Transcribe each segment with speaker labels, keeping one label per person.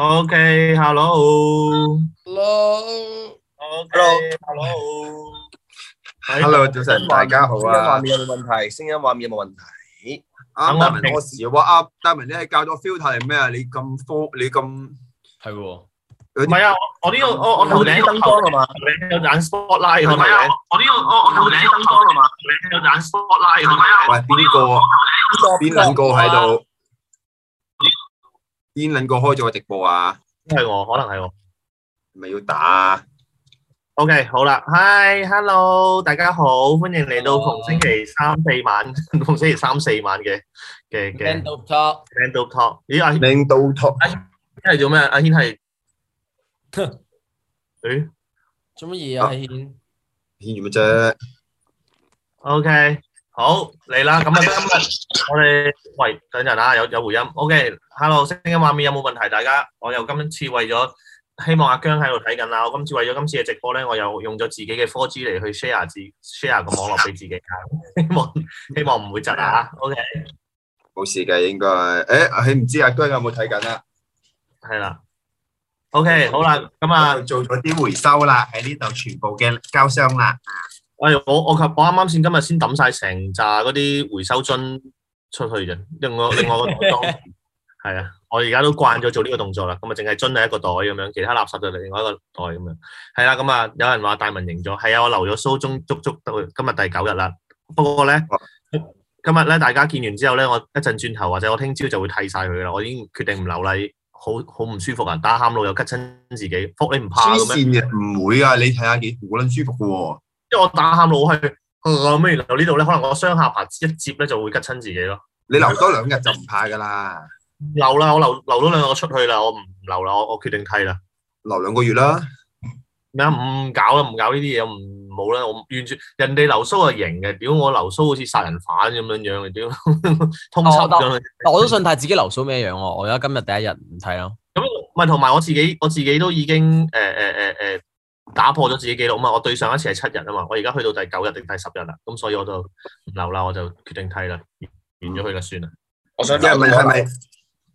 Speaker 1: OK，hello，
Speaker 2: hello，OK，hello，hello，早晨，大家好啊！畫面有冇問題？聲音畫面有冇問題？阿大明，我時話阿大明，你係校咗 filter 係咩啊？你咁科，你咁係喎？唔係啊，我我呢度我我頭頂燈光啊嘛，頂有眼 spot
Speaker 1: light 啊嘛。我呢度
Speaker 2: 我我頭頂燈光啊嘛，頂有眼 spot light 啊嘛。喂，邊個？邊兩個喺度？邊兩個開咗個直播啊？因為我，可能係我，係咪要打？O K，好啦
Speaker 1: ，Hi，Hello，大家好，歡迎嚟到逢星期三四晚，逢星期三四晚嘅嘅嘅。領導 Talk，領導 Talk，
Speaker 2: 咦，阿軒，領導 Talk
Speaker 1: 係做咩啊？阿軒係，誒，做乜嘢啊？阿軒，
Speaker 2: 軒住咪啫。O K，
Speaker 1: 好嚟啦，咁啊今日，我哋喂等陣啊，有有回音。O K。Hello，星音畫面有冇問題？大家，我又今次為咗希望阿姜喺度睇緊啦。我今次為咗今次嘅直播咧，我又用咗自
Speaker 2: 己嘅科 o u r G 嚟去 share 自 share 個網絡俾自己架， 希望希望唔會窒啊。OK，冇事嘅應該。誒，你唔知阿姜有冇睇緊啊？係啦。OK，嗯、好啦，咁、嗯、啊做咗啲回收啦，喺呢度全部嘅膠箱啦。
Speaker 1: 我我我及寶啱啱先今日先抌晒成扎嗰啲回收樽出去嘅，另外另外個 係啊，我而家都慣咗做呢個動作啦。咁啊，淨係樽係一個袋咁樣，其他垃圾就另外一個袋咁樣。係啦，咁啊，有人話大文型咗，係啊，我留咗蘇中足足到今日第九日啦。不過咧、啊，今日咧，大家見完之後咧，我一陣轉頭或者我聽朝就會剃晒佢噶啦。我已經決定唔留啦，好好唔舒服啊！打喊路又吉親自己，福你唔怕咩？
Speaker 2: 唔會啊，你睇下幾好捻舒服噶喎。
Speaker 1: 因為我打喊路去，我孭完到呢度咧，可能我雙下巴一接咧就會吉親自己咯。你留多兩日就唔怕噶啦。留啦，我留留咗兩個出去啦，我唔留啦，我我決定剃啦。留兩個月啦。咩唔搞啦，唔搞呢啲嘢，唔冇啦，我完全人哋流蘇係型嘅，屌我流蘇好似殺人犯咁樣樣，屌
Speaker 3: 通緝咁。但、哦、我，我都，我都信，睇自己流蘇咩樣我，我而家今日第一日唔睇咯。
Speaker 1: 咁咪同埋我自己，我自己都已經誒誒誒誒打破咗自己記錄啊嘛，我對上一次係七日啊嘛，我而家去到第九日定第十日啦，咁所以我就唔留啦，我就決定剃啦，完咗佢啦算啦，嗯。
Speaker 2: 我想知係咪？是不是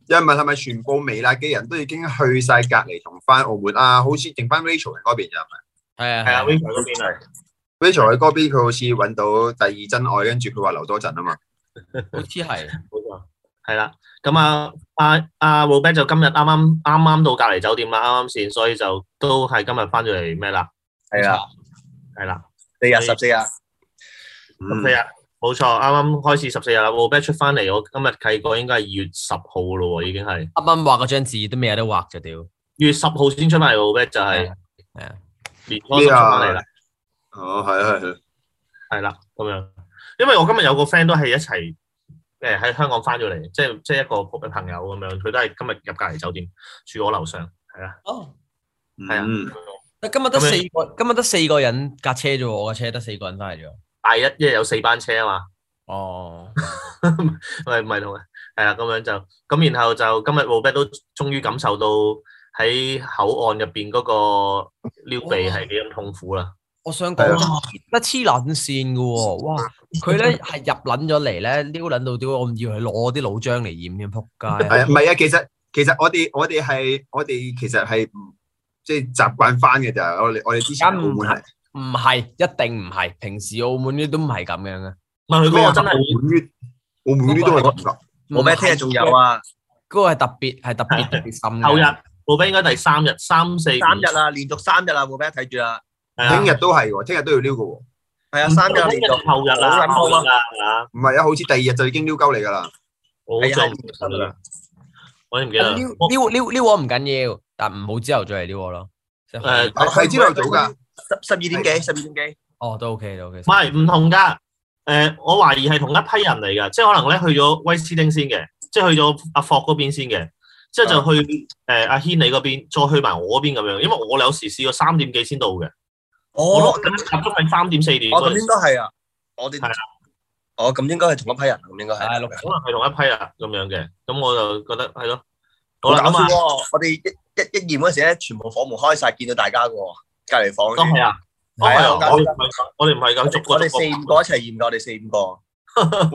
Speaker 2: 因為問係咪全部美拉機人都已經去晒隔離同翻澳門啊？好似剩翻 Rachel 喺嗰邊咋係咪？
Speaker 1: 係啊
Speaker 2: 係啊，Rachel 嗰邊係。Rachel 嗰邊佢好似揾到第二真愛，跟住佢話留多陣 像是 啊嘛。
Speaker 4: 好似係，冇、啊、
Speaker 2: 錯。
Speaker 1: 係啦，咁啊啊啊 Robert 就今日啱啱啱啱到隔離酒店啊，啱啱先，所以就都係今日翻咗嚟咩啦？係啊，係啦，四日十四啊？十四日。冇錯，啱啱開始十四日啦 o b e 出翻嚟，我今日計過應該係二月十號咯，已經係。啱啱畫嗰張字都未有得畫就屌、是，二月十號先出翻嚟 o b e 就係係啊，年初出翻嚟啦哦，係啊，係啊，係啦，咁樣。因為我今日有個 friend 都係一齊，誒喺香港翻咗嚟，即係即係一個普通朋友咁樣，佢都係今日入隔離酒店住我樓上，
Speaker 3: 係啊。哦。係啊、嗯。但今日得四個，今日得四個人架車啫，我架車得四個人翻嚟咗。
Speaker 1: 大一，一日有四班車啊嘛。哦，喂， 唔係同，係啦，咁樣就咁，然後就今日冇咩都終於感受到喺口岸入邊嗰個撩鼻係幾咁痛苦啦、
Speaker 3: 哦。我想講，一黐捻線噶喎，哇！佢咧係入捻咗嚟咧，撩捻到屌，我唔以為攞啲老張嚟染嘅仆街。係啊，唔係啊，
Speaker 2: 其實其實我哋我哋係
Speaker 3: 我哋其實係唔即係習慣翻嘅就係、是、我哋我哋之前係。嗯唔係，一定唔係。平時澳門呢都唔係咁樣嘅。
Speaker 2: 唔係佢嗰個真係澳門呢，澳門呢都係嗰，冇咩聽日啊？仲有啊？
Speaker 3: 嗰個係特別，係特別特別深嘅。後日，
Speaker 2: 冇咩應該第三日，三四三日啦，連續三日啦，冇咩睇住啦。聽日都係，聽日都要撩噶。係啊，三日連續後日啊，後日啊，吓？唔係啊，好似第二日就已經撩鳩你噶啦。我好憎
Speaker 3: 唔新啦，我依家唔記得。撩撩撩撩我唔緊要，但唔好之後再嚟撩我咯。誒，係朝頭早噶。十十二點幾，十二點幾，哦都 OK，都 OK。唔係唔同噶，誒、呃，我懷疑係同一批人嚟㗎，即係
Speaker 1: 可能咧去咗威斯丁先嘅，即係去咗阿 f o r 嗰邊先嘅，即係就去誒阿軒你嗰邊，再去埋我嗰邊咁樣，因為我哋有時試過三點幾先到嘅。哦，咁集中係三點四點。我、哦、咁應該係啊，我哋係咁應該係同一批人，咁應該係，可能係同一批人咁樣嘅，咁我就覺得係咯。好搞笑，哦啊、
Speaker 2: 我哋一一一驗嗰時咧，全部房門開晒，見到大家噶。隔籬房係啊、哦、啊，啊，我哋唔係咁，我哋四五個一齊研究，我哋四五個。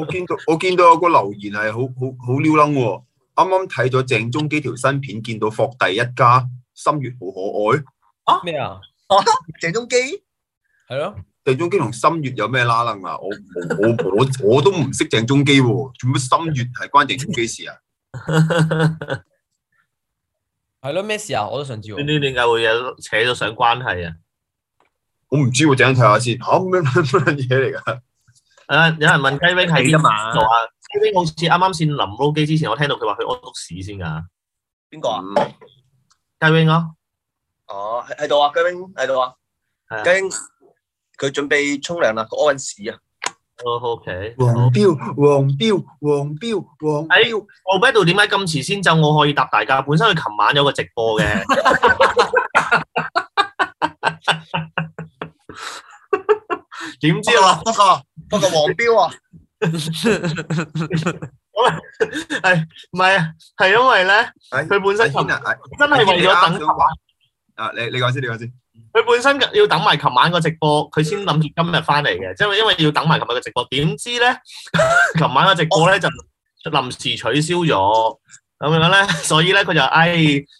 Speaker 2: 我見到 我見到有個留言係好好好撩楞喎，啱啱睇咗鄭中基條新片，見到霍第一家，心月好可愛。啊，咩啊？鄭中基啊，鄭中基係咯，鄭中基同心月有咩拉楞啊？我我我我都唔識鄭中基喎，做乜心月係關鄭中基事啊？
Speaker 1: 係咯，咩事啊？我都想知喎。呢啲點解會啊扯到上關係啊？
Speaker 2: 我唔知喎，等下睇下先。嚇，咩咩嘢嚟噶？
Speaker 1: 啊，有人問雞 wing 喺邊啊？就話雞 wing 好似啱啱先淋撈機之前，我聽到佢話去屙篤屎先㗎。邊個啊？雞 wing 咯。
Speaker 2: 哦，喺喺度啊！雞 wing 喺度啊！雞 wing 佢準備沖涼啊，佢屙緊屎啊！哦、oh,，OK，黃、okay. 標，黃標，黃標，黃，
Speaker 1: 哎，黃標度點解咁遲先走？我可以答大家，本身佢琴晚有個直播嘅，點 知道啊？不、啊、過、啊啊 哎，不黃標、哎、啊，好啦，係唔係啊？係因為咧，佢本身真係為咗等啊，你
Speaker 2: 剛剛啊你講先，你講先。
Speaker 1: 佢本身要等埋琴晚個直播，佢先諗住今日翻嚟嘅，即係因為要等埋琴日嘅直播。點知咧，琴晚個直播咧就臨時取消咗，咁樣咧，所以咧佢就說唉，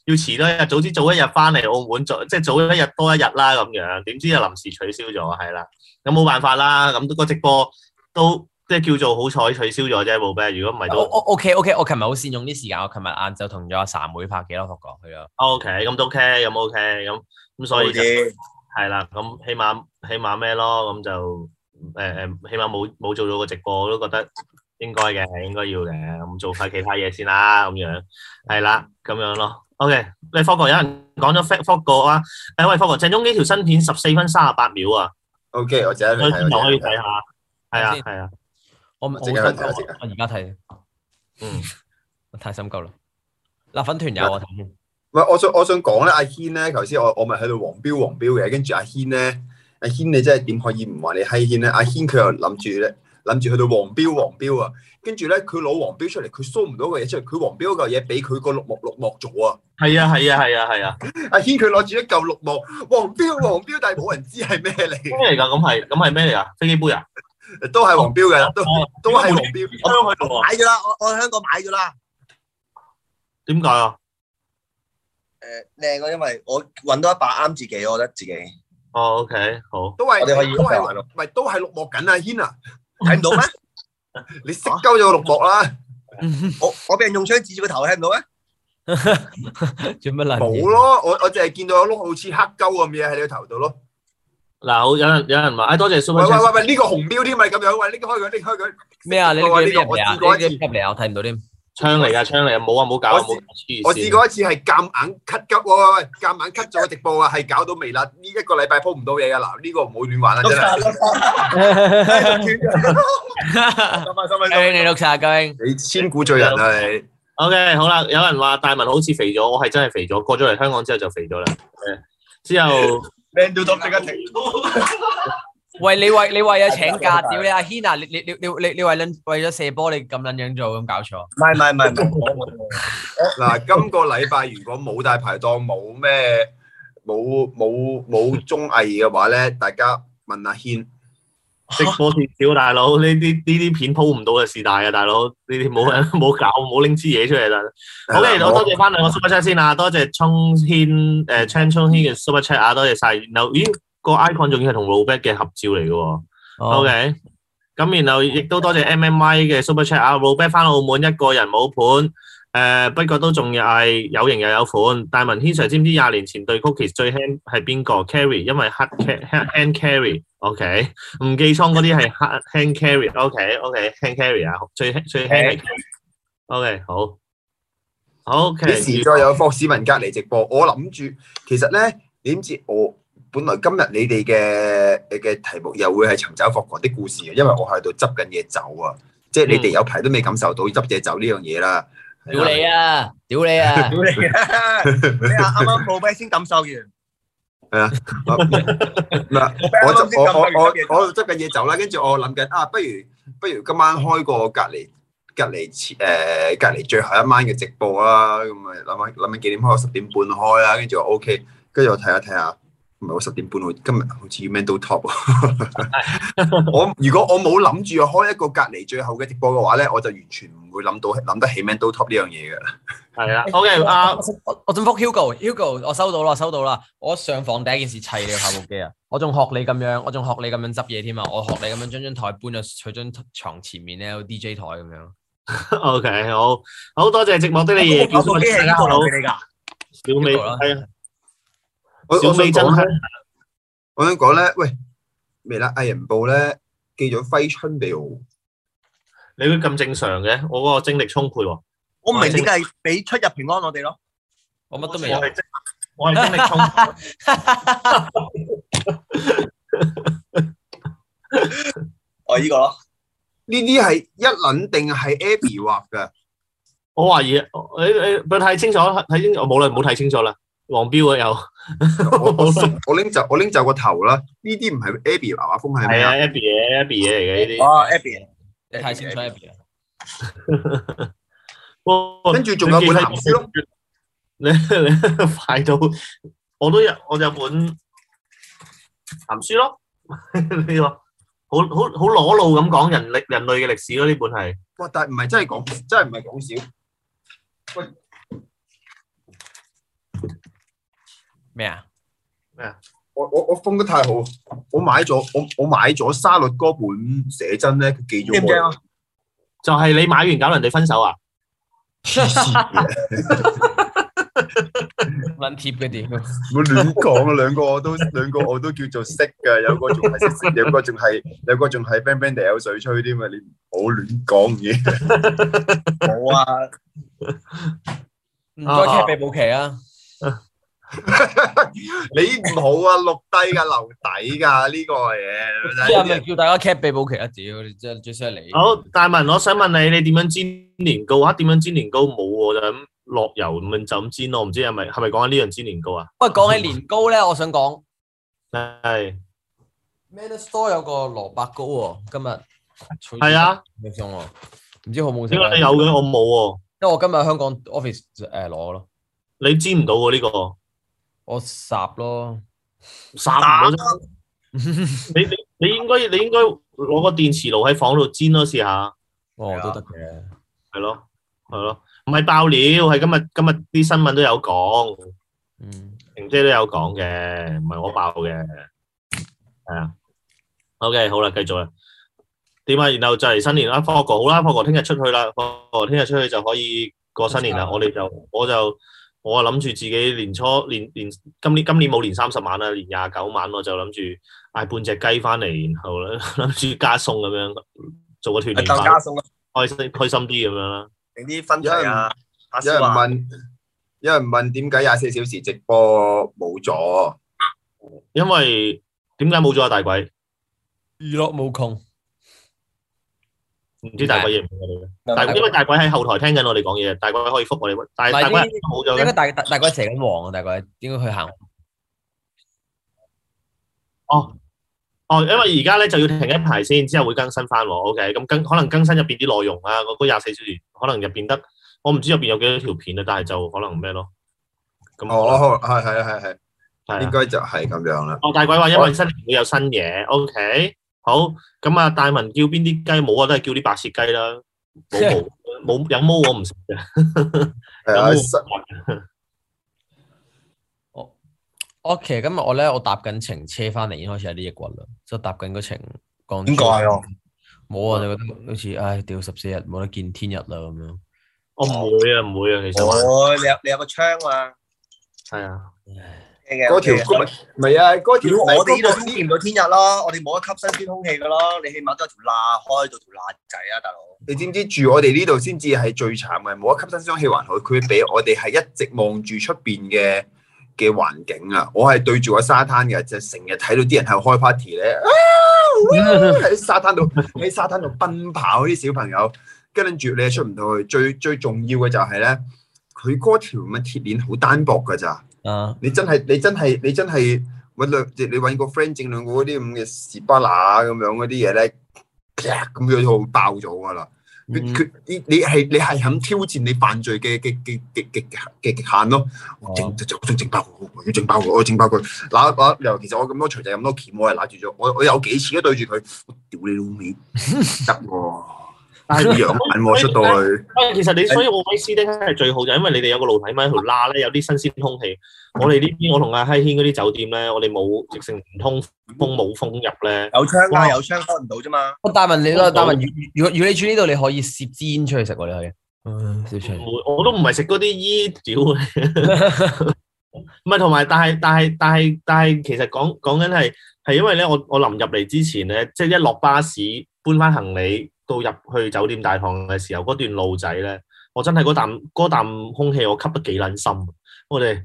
Speaker 1: 要遲多一日，早知早一日翻嚟澳門，早即係早一日多一日啦咁樣。點知又臨時取消咗，係啦，咁冇辦法啦。咁個直播都即係叫做好彩取消咗啫，冇咩。如果唔係都
Speaker 3: O K O K，我琴日好善用啲時間，我琴日晏晝同咗阿岑妹拍幾多幅圖去
Speaker 1: O K，咁都 OK，咁 OK，咁、okay,。
Speaker 3: 咁所以就係啦，咁起碼
Speaker 1: 起碼咩咯？咁就誒誒，起碼冇冇做到個直播，我都覺得應該嘅，應該要嘅。咁做晒其他嘢先啦，咁樣係啦，咁樣咯。OK，你科哥有人講咗科科啊？誒，喂，科哥鄭中基條新片十四分三十八秒啊。OK，我
Speaker 3: 即刻再鏡頭可以睇下。係啊係啊，我我而家睇。嗯，我太深究啦。嗱，粉團有啊。
Speaker 2: 唔，我想我想講咧，阿軒咧，頭先我我咪去到黃標黃標嘅，跟住阿軒咧，阿軒你真係點可以唔話你係軒咧？阿軒佢又諗住咧，諗住去到黃標黃標啊，跟住咧佢攞黃標出嚟，佢搜唔到個嘢出嚟，佢黃標嗰嘢俾佢個綠木綠木咗啊！係啊係啊係啊係啊！阿軒佢攞住一嚿綠木，黃標黃標，但係冇人知係咩嚟？
Speaker 1: 咩嚟噶？咁係咁係咩嚟啊？飛機杯啊？都係黃標嘅，都、哦、都係
Speaker 2: 黃標、
Speaker 1: 哦。我買咗啦，
Speaker 2: 我我喺香港買咗啦。
Speaker 1: 點解啊？
Speaker 2: 誒靚咯，因為我揾到一把啱自己，我覺得自己。
Speaker 1: 哦，OK，好。
Speaker 2: 都係，都係，咪都係綠幕緊啊軒啊，睇唔到咩？你識鳩咗個綠幕啦。我我俾人用槍指住個頭，聽唔到咩？
Speaker 1: 做乜爛嘢？冇咯，
Speaker 2: 我我淨係見到有碌好似黑鳩咁嘅嘢喺你個頭度咯。
Speaker 1: 嗱，有有有人話，哎，多謝。喂喂喂喂，呢個紅
Speaker 2: 標添咪咁樣？
Speaker 1: 喂，呢個開佢，呢個開佢。咩啊？
Speaker 2: 呢個我
Speaker 3: 我知，開唔開？開唔開？我睇唔到添。槍嚟噶，槍嚟啊！冇啊，冇搞，我試過
Speaker 2: 一次係夾硬 cut 急，喂喂喂，夾硬 cut 咗個直播啊，係搞到未啦？呢一個禮拜鋪唔到嘢噶。嗱，呢個唔好亂玩啦，真係。十
Speaker 3: 秒，十秒鐘，你六殺
Speaker 2: 高英，你千古罪人啊你。
Speaker 1: O K，好啦，有人話大文好似肥咗，我係真係肥咗，過咗嚟香港之後就肥咗啦。之後
Speaker 3: ，man 到咗即刻停。喂，你為你為啊請假？屌你阿軒啊！你你你你你你為捻為咗射波，你咁捻樣做咁搞錯？
Speaker 2: 唔係唔係唔係。嗱，
Speaker 3: 今個禮拜如果冇大
Speaker 2: 排檔，冇咩冇冇冇綜藝嘅話咧，大家問阿軒。直播貼少，大佬呢啲呢啲片鋪唔到嘅事大啊，大
Speaker 1: 佬呢啲冇冇搞冇拎支嘢出嚟啦。好嘅，我多謝翻兩個 Super Chat 先啊，多謝聰軒誒，青聰軒嘅 Super Chat 啊，多謝晒。然後咦？個 icon 仲要係同 Robert 嘅合照嚟嘅，OK。咁然後亦都多謝 MMI 嘅 Super Chat 啊，Robert 翻澳門一個人冇盤，誒不過都仲係有型又有款。大文軒 Sir 知唔知廿年前對 cookies 最輕係邊個？Carry，因為 hand carry，OK。唔記錯嗰啲係 hand carry，OK，OK，hand carry 啊，最最輕係。
Speaker 2: OK，好，OK。幾時再有霍士文隔籬直播？我諗住其實咧，點知我？本來今日你哋嘅嘅題目又會係尋找福岡的故事啊，因為我喺度執緊嘢走啊，即係你哋有排都未感受到執嘢走呢樣嘢啦。
Speaker 3: 屌你啊！屌你啊！屌你啊！你啱
Speaker 2: 啱先感受完。係啊。唔係，我執我我我執緊嘢走啦。跟住我諗緊啊，不如不如今晚開個隔離隔離前誒隔離最後一晚嘅直播啦。咁咪諗下諗下幾點開？十點半開啦。跟住我 OK，跟住我睇下睇下。唔係我十點半，去，今日好似 man 到 top，我如果我冇諗住開一個隔離最後嘅直播嘅話咧，我就完全唔會諗到諗得起 man 到 top 呢樣嘢㗎。係啦，OK 啊、uh...，我
Speaker 3: 我正復 Hugo，Hugo 我收到啦，收到啦。我上房第一件事砌你嘅跑步機啊！ 我仲學你咁樣，我仲學你咁樣執嘢添啊！我學你咁樣將張台搬咗去張床前面咧，有 DJ 台咁樣。OK，
Speaker 1: 好，好多謝寂寞的你夜見我，邊、那個好？小美係啊。我想講
Speaker 2: 咧，我想講咧，喂，未啦？《藝人報》咧寄咗揮春俾我，你會咁正常嘅，我嗰個精力充沛喎。我唔明點解係
Speaker 3: 俾出入平安我哋咯，我乜都未有。我係精力充，
Speaker 2: 我依個咯。呢啲係一諗定係
Speaker 1: Abby 畫㗎，我懷疑，你你唔睇清楚，睇清楚我冇啦，唔好睇清
Speaker 2: 楚啦。黃標啊，又～我我拎就我拎就個頭啦，呢啲唔係 Abby 畫畫風係咩？係啊，Abby 嘢，Abby 嘢嚟嘅呢啲。哦，Abby，你太清楚
Speaker 3: Abby
Speaker 1: 啦。跟住仲有本鹹書
Speaker 4: 咯，你你
Speaker 1: 快到我都有我有本鹹書咯。呢個好好好裸露咁講人力人類嘅歷史咯，呢本係。哇！但係唔
Speaker 2: 係真係講，真係唔係講笑。喂。咩啊？咩啊？我我我封得太好，我買咗我我買咗沙律嗰本寫真咧，佢寄咗驚驚啊？就係、是、你買完搞人哋分手啊？
Speaker 3: 亂貼嘅點？唔好亂
Speaker 2: 講啊！兩個我都兩 個我都叫做識㗎，有個仲係識識有個仲係有個仲係 band band 哋有水吹啲嘛？你唔好亂講嘢。冇 啊！唔該，請備保期啊！謝謝 你唔好啊，錄低噶留底噶呢、這個嘢，即係咪
Speaker 3: 叫大家 cut 備保期啊？屌你真係最識你。好，大文，我想問你，你
Speaker 1: 點樣煎年糕？點、啊、樣煎年糕？冇我就咁落油，咁就咁煎咯。我唔知係咪係咪講緊呢樣煎年糕啊？
Speaker 3: 喂，講起年糕咧，我想講係。Ministore 有個蘿卜糕喎、哦，今日係啊，好上
Speaker 1: 喎，唔知好
Speaker 3: 唔好食。應該有嘅，我冇喎、哦，因為我今日香港 office 誒攞咯。你煎唔到喎呢個？我烚咯，烚唔得。
Speaker 1: 你你應該你應該攞個電磁爐喺房度煎咯，試下。哦，是啊，都得嘅。係咯、啊，係咯、啊，唔係爆料，係今日今日啲新聞都有講，嗯，平姐都有講嘅，唔係我爆嘅。係啊。O、okay, K，好啦，繼續啦。點啊？然後就嚟新年啦。科哥好啦，科哥聽日出去啦，科哥聽日出去就可以過新年啦。我哋就我就。我啊諗住自己年初年年今年今年冇年三十晚啦，年廿九晚我就諗住嗌半隻雞翻嚟，然後呢諗住加餸咁樣，做個團加餸啦，開心開
Speaker 2: 心啲咁樣啦。啲分享啊有，有人問，有人問點解廿四小時直播冇咗？因為點解冇咗啊？大鬼
Speaker 3: 娛樂無窮。唔知大鬼嘢唔？
Speaker 1: 大因為大鬼喺後台聽緊我哋講嘢，大鬼可以覆我哋乜？大但大鬼冇咗咧。應該
Speaker 3: 大大鬼成日啊！大鬼應該去行。
Speaker 1: 哦哦，因為而家咧就要停一排先，之後會更新翻。O K，咁更可能更新入邊啲內容啊，嗰嗰廿四小時可能入邊得，我唔知入邊有幾多條片啊，但係就可能咩咯。咁哦，係係係係，應該就係咁樣啦。哦，大鬼話因為新年會有新嘢。O K。Okay? 好，咁啊，大文叫邊啲雞冇啊，都係叫啲白切雞啦，
Speaker 3: 冇毛，冇有毛我唔食嘅，有的的 okay，我我其實今日我咧，我搭緊程車翻嚟，已經開始、那個、有啲抑鬱啦，即係搭緊嗰程港。點解啊？冇啊，你覺得好似唉，屌十四日冇得見天日啦咁樣。我唔會啊，唔會啊，其實。我、
Speaker 2: 哦、你有你有個窗啊？
Speaker 3: 係 啊。
Speaker 2: 嗰條唔係啊！嗰條我哋呢度見唔到天日咯，我哋冇得吸新鮮空氣噶咯。你起碼都有條罅，開到條罅仔啦，啊，大佬。你知唔知住我哋呢度先至係最慘嘅，冇得吸新鮮空氣還好，佢畀我哋係一直望住出邊嘅嘅環境啊！我係對住個沙灘嘅，就成日睇到啲人喺度開 party 咧，喺 沙灘度喺沙灘度奔跑啲小朋友，跟住你出唔到去。最最重要嘅就係、是、咧，佢嗰條乜鐵鏈好單薄噶咋。啊！你真係你真係你真係兩你揾個 friend 整兩個嗰啲咁嘅士巴拿咁樣嗰啲嘢咧，咁樣就爆咗噶啦！佢佢你你係你係肯挑戰你犯罪嘅嘅嘅嘅嘅嘅極限咯！我整就爆佢，我整爆佢，我整爆佢。嗱嗱其實我咁多錘仔咁多鉗，我係拿住咗，我我，我，我有幾次都對住佢，我屌你老味得喎！ 係
Speaker 1: 弱晒，出到去。其實你所以我位師弟咧係最好的，就因為你哋有個露台咪喺度，拉咧有啲新鮮空氣。我哋呢邊我同阿希軒嗰啲酒店咧，我哋冇直成唔通風冇風入咧。有窗
Speaker 3: 有窗開唔到啫嘛。我大文你咯，大文如如果如果你住呢度，你可以涉煎出去食我哋可以。我都唔係食嗰啲伊屌。唔
Speaker 1: 係同埋，但係但係但係但係，其實講講緊係係因為咧，我我臨入嚟之前咧，即係一落巴士搬翻行李。到入去酒店大堂嘅時候，嗰段路仔咧，我真係嗰啖嗰啖空氣，我吸得幾撚深。我哋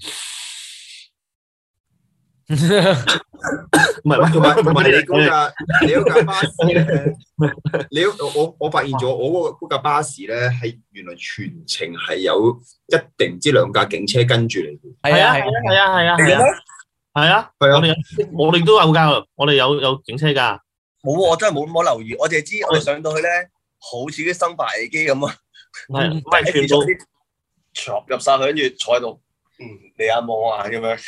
Speaker 1: 唔係話同埋，你嗰架，你嗰架巴士
Speaker 2: 咧，了我我我發現咗，我嗰嗰架巴士咧，係原來全程係有一定之兩架警車跟住嚟嘅。係啊係啊係啊係啊係啊係啊！我哋我哋都有架，我哋有有警車噶。冇，我真係冇咁多留意，我淨係知我哋上到去咧，嗯，好似啲生化危機咁啊，唔係全部坐入晒去，跟住坐喺度，你阿摸啊
Speaker 3: 咁樣。嗯，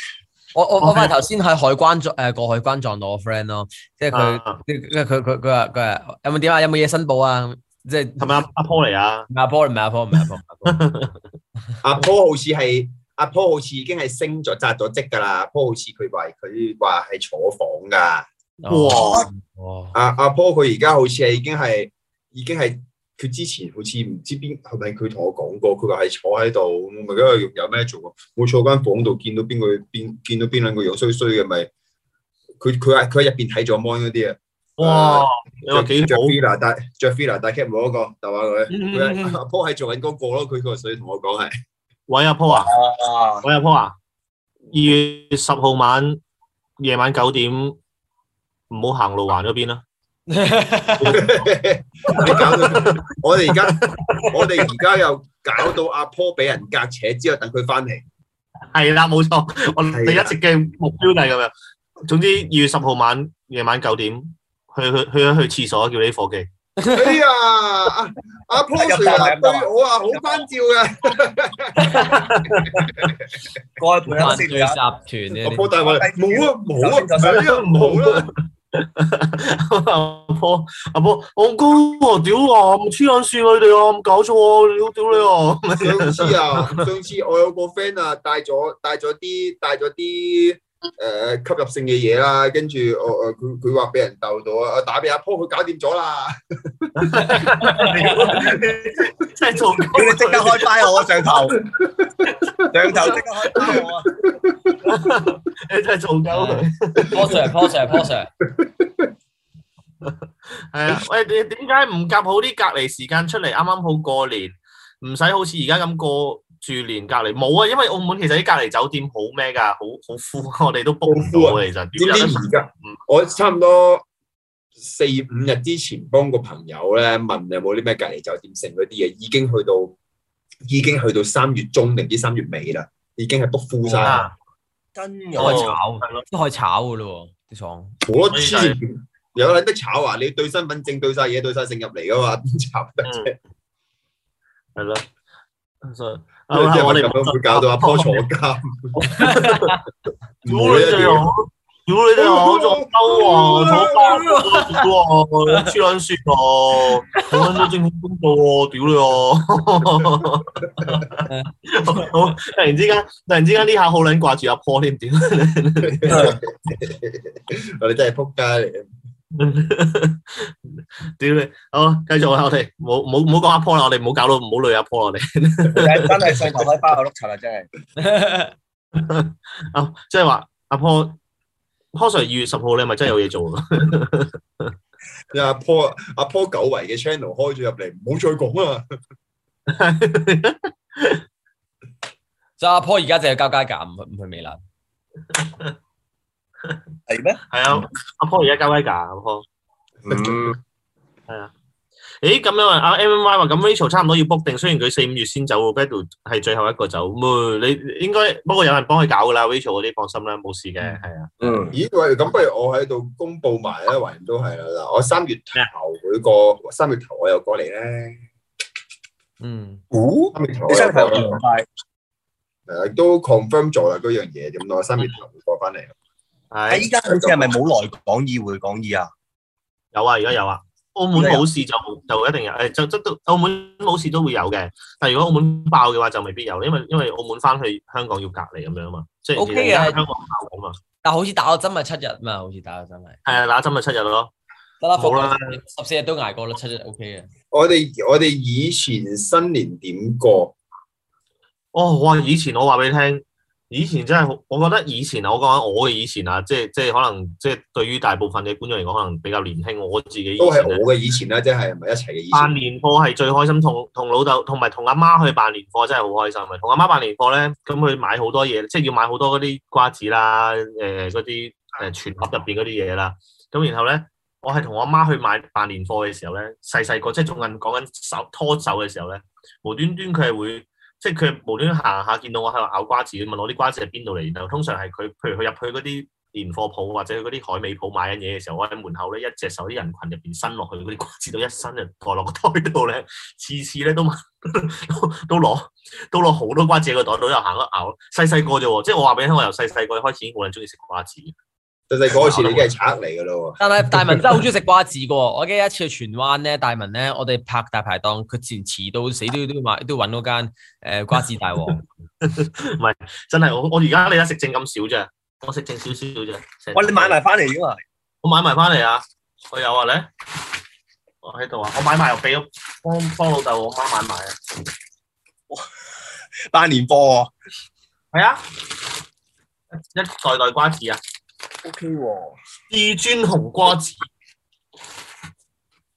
Speaker 3: 我我我返頭先喺海關撞，誒，呃、過海關撞到個 friend 咯，即係佢，佢佢佢佢話佢話有冇點啊？有冇嘢申報啊？即係係咪阿阿波嚟啊？阿波唔係阿波唔係阿波， 阿波，
Speaker 2: 阿波好似係阿波好似已經係升咗扎咗職噶啦。阿波好似佢話佢話係坐房噶。哇！阿阿波佢而家好似係已經係，已經係佢之前好似唔知邊係咪佢同我講過，佢話係坐喺度，咪咁又有咩做啊？我坐間房度見到邊個，見見到邊兩個樣衰衰嘅咪，佢佢話佢喺入邊睇咗 mon 嗰啲啊！哇！你、啊、話幾個好？着 fila 着 fila 戴 cap 冇嗰個，就話佢。阿波係做緊、那、嗰個咯，佢佢所以同我講係。揾阿波啊！
Speaker 1: 揾阿波啊！二、啊啊、月十號晚夜晚九點。唔好行路
Speaker 2: 邊，還咗邊啦！你搞到我哋而家我哋而家又搞到阿婆俾人夾扯，之後等佢翻嚟。
Speaker 1: 係啦，冇錯，我哋一直嘅目標就係咁樣。總之，二月十號晚夜晚九點，去去去去廁所，叫你啲伙計。哎
Speaker 2: 呀，阿阿婆啊，對我啊好關照
Speaker 3: 嘅。萬聚集團，阿婆大哥，冇啊冇啊，唔好啊！
Speaker 1: 阿婆，阿婆，好高啊！屌我唔黐眼算你哋啊！咁搞
Speaker 2: 錯啊！屌屌你啊！上次啊， 上次我有個 friend 啊，帶咗帶咗啲帶咗啲。誒、呃，吸入性嘅嘢、呃、啦，跟住我，誒，佢佢話俾人鬥到啊，打俾阿波佢搞掂咗啦，
Speaker 4: 真係做狗，你即刻開翻我上頭，上頭即刻
Speaker 1: 開翻我、啊、 我，你真係做到佢，波 Sir 啊波 Sir 啊波
Speaker 4: Sir
Speaker 1: 啊，係啊， 喂，你點解唔夾好啲隔離時間出嚟？啱啱好過年，唔使好似而家咁過。住連隔離冇啊，因為澳門其實啲隔離酒店好
Speaker 2: 咩噶，好好富，我哋都 book 唔到啊、嗯。其實點解而家，我差唔多四五日之前幫個朋友咧問有冇啲咩隔離酒店剩嗰啲嘢，已經去到已經去到三月中定唔三月尾啦，已經係 book full 晒。
Speaker 3: 真噶，可以炒，都可以炒噶啦。啲廠我之
Speaker 2: 前有得炒啊，你對身份證對晒嘢，對晒性入嚟噶嘛，點炒得啫？係、嗯、
Speaker 1: 咯， 對了
Speaker 2: 你哋係我咁樣會搞到阿坡坐監，屌你真係好，屌你真係
Speaker 1: 好坐嬲啊，坐鳩啊，黐卵線啊，我啱先正好工作喎，屌你啊！突然之間，突然之間呢下好卵掛住阿坡添，點
Speaker 2: 啊？你真係扑街嚟！
Speaker 1: 屌 你！好，繼續我哋，冇冇冇講阿坡啦，我哋唔好搞到唔好累阿坡我我你
Speaker 3: 真係細頭威花去碌柒啊！真係、 哦
Speaker 1: 就是。阿即係話阿坡，阿坡上二
Speaker 2: 月十號咧，咪真係有嘢做
Speaker 1: 咯。
Speaker 2: 阿阿坡，阿坡久違嘅 channel 開咗入嚟，唔好再講啊。
Speaker 3: 就、啊、 阿坡而家淨係交街價，唔去唔去米蘭。係咩？係啊，阿 Paul 而家加威噶，阿 Paul。
Speaker 1: 嗯，係、嗯、啊。誒，咁樣啊，阿 M M Y 話咁 Rachel 差唔多要 book 定，雖然佢四五月先走，不過係最後一個走。咁、嗯、你應該不過有人幫佢搞
Speaker 2: 噶啦，Rachel 嗰啲放心啦，冇事嘅。係啊。嗯。咦喂，咁不如我喺度公布埋啦，還是都係啦。嗱，我三月頭會過，三月頭我又過嚟
Speaker 4: 咧。嗯。哦。哦三月頭。
Speaker 2: 係。誒、啊，都 confirm 咗啦嗰樣嘢，咁、嗯、我三月頭會過翻嚟。係依家好似係咪冇來港議會講義啊？
Speaker 1: 有啊，而家有啊。澳門冇事就就一定有，誒，就即到澳門冇事都會有嘅。但係如果澳門爆嘅話就未必有，因為因為澳門翻去香港要隔離咁樣嘛，
Speaker 2: 即係喺香港
Speaker 3: 爆啊嘛。但好似打個針咪七日啊嘛，好似打個針係。係啊，打針咪七日咯，得啦，好啦，十四日都挨過啦，七日 O K 嘅。
Speaker 2: 我哋我哋以前新年點過？哦，我以前我話俾你聽。以前真
Speaker 1: 係好，我覺得以前啊，我講緊我嘅以前啊，即係即係可能即係對於大部分嘅觀眾嚟講，可能比較年輕。我自己都係我嘅以前啦，即係唔係一齊嘅以前。辦年貨係最開心，同同老豆同埋同阿媽去辦年貨真係好開心嘅。同阿媽辦年貨咧，咁佢買好多嘢，即係要買好多嗰啲瓜子啦，誒嗰啲誒全盒入邊嗰啲嘢啦。咁然後咧，我係同我阿媽去買辦年貨嘅時候咧，細細個即係仲緊講緊手拖手嘅時候咧，無端端佢係會。即係佢無端端行下，見到我喺度咬瓜子，問攞啲瓜子喺邊度嚟？然後通常係佢，譬如佢入去嗰啲連貨鋪或者佢嗰啲海味鋪買緊嘢嘅時候，我喺門口咧一隻手啲人群入邊伸落去嗰啲瓜子到，一伸就袋落個袋度咧，次次咧都 都攞都攞好多瓜子個袋度，又行得咬細細個啫喎。即係我話俾你聽，我由細細個開始已經中意食瓜子。
Speaker 3: 細
Speaker 2: 細嗰時你已經係賊嚟
Speaker 3: 噶咯，但係大文真係好中意食瓜子噶。我記得一次去荃灣咧，大文咧，我哋拍大排檔，佢連遲到死都要都買，都要搵嗰間誒瓜子大王。唔係，真係我
Speaker 1: 我而家你啊食剩咁少啫，我食剩，剩少少啫。喂，你買埋翻嚟噶？我買埋翻嚟啊！我有啊咧，我喺度啊！我買埋又俾屋幫幫老豆我媽買埋啊！
Speaker 2: 哇，辦年貨喎，係啊，
Speaker 1: 一袋袋瓜子啊！
Speaker 2: O K，至尊紅瓜子，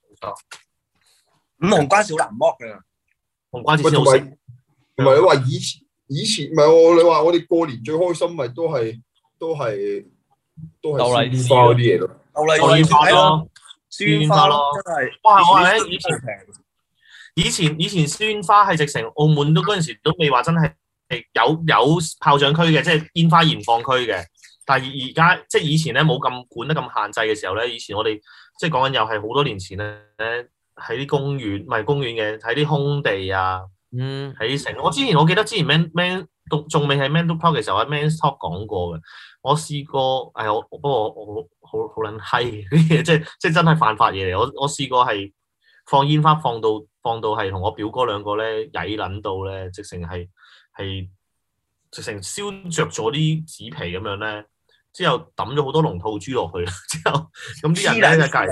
Speaker 2: 冇錯，五紅瓜子難剝嘅，紅瓜子食。唔係你話以前，以前唔係我你話我哋過年最開心咪、都係、都係都係都係煙花、花咯，煙花咯，煙花、花、花咯。哇！我話咧以前平，
Speaker 1: 以前以前煙花係直成澳門都嗰陣時都未話真係係有有、有炮仗區嘅，即係煙花燃放區嘅。但係而家即係以前咧冇咁管得咁限制嘅時候咧，以前我哋即係講緊又係好多年前咧，喺啲公園唔係公園嘅，喺啲空地啊，嗯，喺成我之前我記得之前 man man 仲未係 man do pro 嘅時候喺、啊、man talk 講過嘅，我試過係、哎、我不過我好好好撚閪嘅，即係即係真係犯法嘢嚟，我我試過係放煙花放到放到係同我表哥兩個咧曳撚到咧，直成係係直成燒着咗啲紙皮咁樣咧。之後抌咗好多龍套豬落去，之後咁啲人咧就計，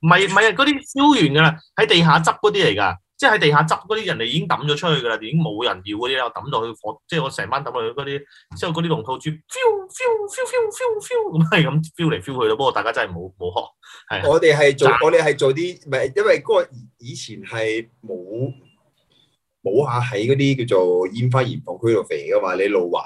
Speaker 1: 唔係唔係啊，嗰啲燒完噶啦，喺地下執嗰啲嚟噶，即係喺地下執嗰啲人哋已經抌咗出去噶啦，已經冇人要嗰啲啦，抌落去火，即係我成、就是、班抌落去嗰啲，之後嗰啲龍套
Speaker 2: 豬
Speaker 4: feel feel feel feel feel 咁係咁
Speaker 2: feel 嚟 feel 去咯，不過大家真係冇冇學，係我哋係做我哋係做啲，唔係因為嗰個以前係冇。冇下喺嗰啲叫做煙花燃放區度肥噶嘛？你路環，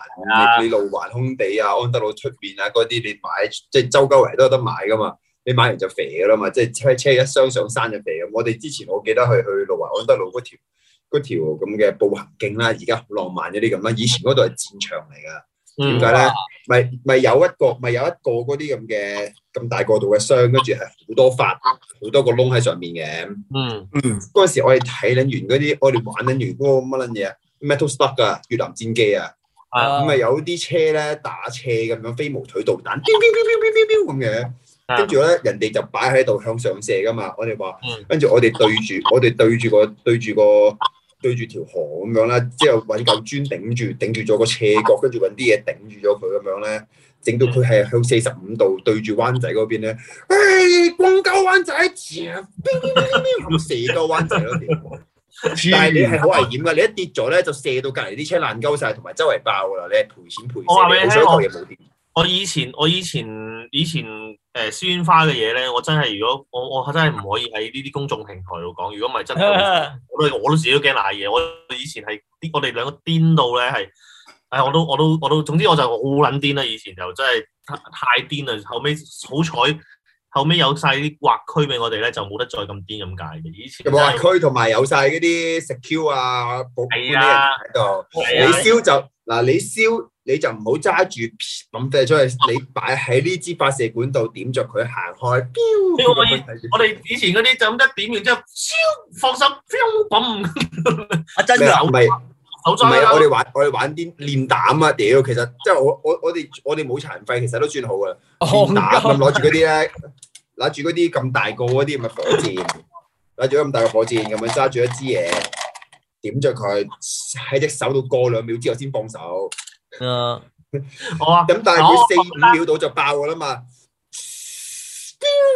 Speaker 2: 你路環空地啊，安德路出邊啊，嗰啲你買，即係周周圍都有得買噶嘛？你買完就肥噶啦嘛？即係車車一箱上山就肥的。我哋之前我記得去去路環安德路嗰條嗰條咁嘅步行徑啦，而家好浪漫一啲咁啦。以前嗰度係戰場嚟噶，點解咧？咪、嗯、咪、啊、有一個咪有一個嗰啲咁嘅。咁大個度嘅箱，跟住係好多發，好多個窿喺上面嘅。嗯嗯，
Speaker 4: 嗰
Speaker 2: 陣時我哋睇緊完嗰啲，我哋玩緊完個乜撚嘢 Metal Slug 嘅、啊、越南戰機啊。係、嗯、啊，有啲車咧打斜咁樣飛毛腿導彈，彪彪彪彪彪彪咁樣，跟住咧人哋就擺喺度向上射㗎嘛。我哋話，跟、嗯、住我哋對住，我哋對住個對住個對住條河咁樣啦，之後揾嚿磚頂住，頂住咗個斜角，跟住揾啲嘢頂住咗佢咁樣咧。整到佢係向四十五度對住灣仔嗰邊咧，誒、哎，光交灣仔前邊邊邊射到灣仔咯。 但係你係好危險噶，你一跌咗咧就射到隔籬啲車爛鳩晒，同埋周圍爆噶啦，你係賠錢賠死。你想講嘢冇
Speaker 1: 跌。我以前我，我以前我以前誒燒、呃、煙花嘅嘢咧，我真係如果我我真係唔可以喺呢啲公眾平台度講，如果唔係真係 我都我都自己都驚瀨嘢。我以前係我哋兩個癲到咧係。誒，我都我都我都，總之我就好撚癲啦！以前就真係太癲啦，後尾好彩，後尾有晒啲劃區俾我哋咧，就冇得再咁癲咁解嘅。以前劃
Speaker 2: 區，同埋有晒嗰啲 secure 啊，係喺度。你燒就嗱，、啊，你燒你，你就唔好揸住咁飛出去，你擺喺呢支發射管度點着佢行開。
Speaker 1: 我哋以前嗰啲就咁一點完之後，放心 boom，
Speaker 2: 啊 唔係啊，我哋玩我哋玩啲練膽啊！屌，其實即係我我我哋我哋冇殘廢，其實都算好噶啦。練膽咁攞住嗰啲咧，攞住嗰啲咁大個嗰啲咁嘅火箭，攞住咁大個火箭，咁樣揸住一支嘢點着佢喺隻手度過兩秒之後先放手。
Speaker 3: 好、uh, 啊。咁但係佢四五
Speaker 2: 秒到就爆噶啦嘛。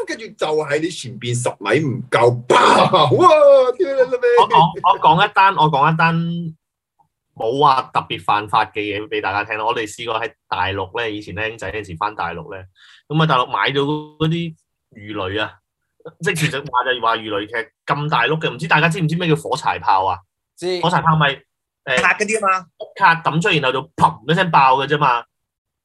Speaker 2: 跟住就喺你前邊十米唔夠爆哇！天啦！我講我講一單，
Speaker 1: 我講一單。冇話特別犯法嘅嘢俾大家聽咯，我哋試過喺大陸咧，以前僆仔嗰時翻大陸咧，咁啊大陸買咗嗰啲魚雷啊，即係全直話就話魚雷其實咁大碌嘅，唔知大家知唔知咩叫火柴炮啊？知火柴炮咪、就是呃、卡嗰啲啊嘛，一卡抌出，然後就砰一聲爆嘅啫嘛，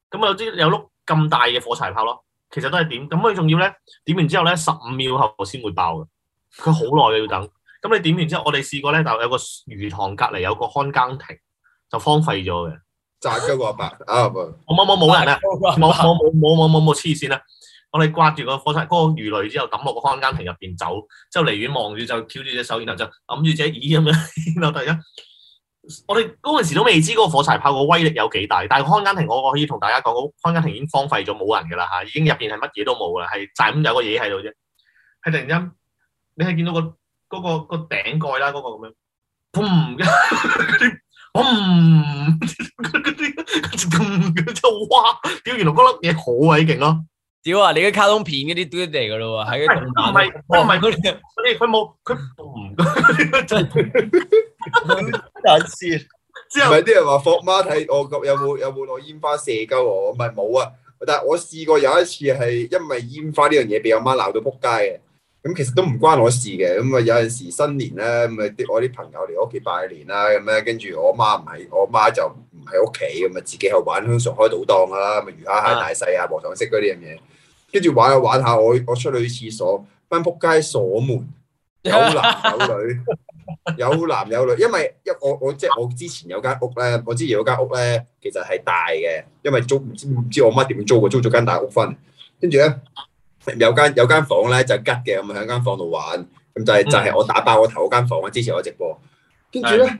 Speaker 1: 咁啊有啲有碌咁大嘅火柴炮咯，其實都係點？咁佢仲要咧點完之後咧，十五秒後先會爆嘅，佢好耐嘅要等。咁你點完之後，我哋試過咧，就有個魚塘隔離有個看更亭，就荒廢咗嘅。炸鳩我阿伯，我冇冇冇人啊！冇冇冇冇冇冇黐線啊！啊啊啊伯伯我哋刮住個火柴，嗰個魚雷之後抌落個看更亭入邊，走，之後離遠望住就翹住隻手，然後就揞住隻耳咁樣。然後突然間，我哋嗰陣時都未知嗰個火柴炮個威力有幾大，但係看更亭我可以同大家講，看更亭已經荒廢咗冇人嘅啦嚇，已經入邊係乜嘢都冇啦，係就咁有個嘢喺度啫。係突然間，你係見到個。嗰、那個個頂蓋啦，嗰、那個咁樣，嘭！嗰啲嘭！嗰啲咁就哇！吊原來嗰粒嘢好鬼勁咯！
Speaker 3: 屌啊！嗯、你啲卡通片嗰啲 do 嚟噶咯喎，係唔係？我唔係佢，佢佢冇佢
Speaker 2: 唔，但係之後唔係啲人話霍媽睇我有冇有冇攞煙花射鳩我，唔係冇啊！但係我試過有一次係因為煙花呢樣嘢俾我媽鬧到仆街嘅。咁其實都唔關我事嘅，咁啊有陣時新年咧，咪啲我啲朋友嚟我屋企拜年啦，咁咧跟住我媽唔係，我媽就唔喺屋企，咁啊自己係玩開常開賭檔噶啦，咪魚蝦蟹大細啊、黃糖色嗰啲咁嘢，跟住玩下玩下，我我出去去廁所，翻撲街鎖門，有男有女，有男有女，因為因我我即係我之前有間屋咧，我之前有間屋咧，屋其實係大嘅，因為租唔知唔知我媽點租嘅，租咗間大屋翻嚟，跟住咧。有間有間房咧就係吉嘅，我咪喺間房度玩，咁就係、是、就係、是、我打爆我頭嗰間房啊！之前我直播，跟住咧，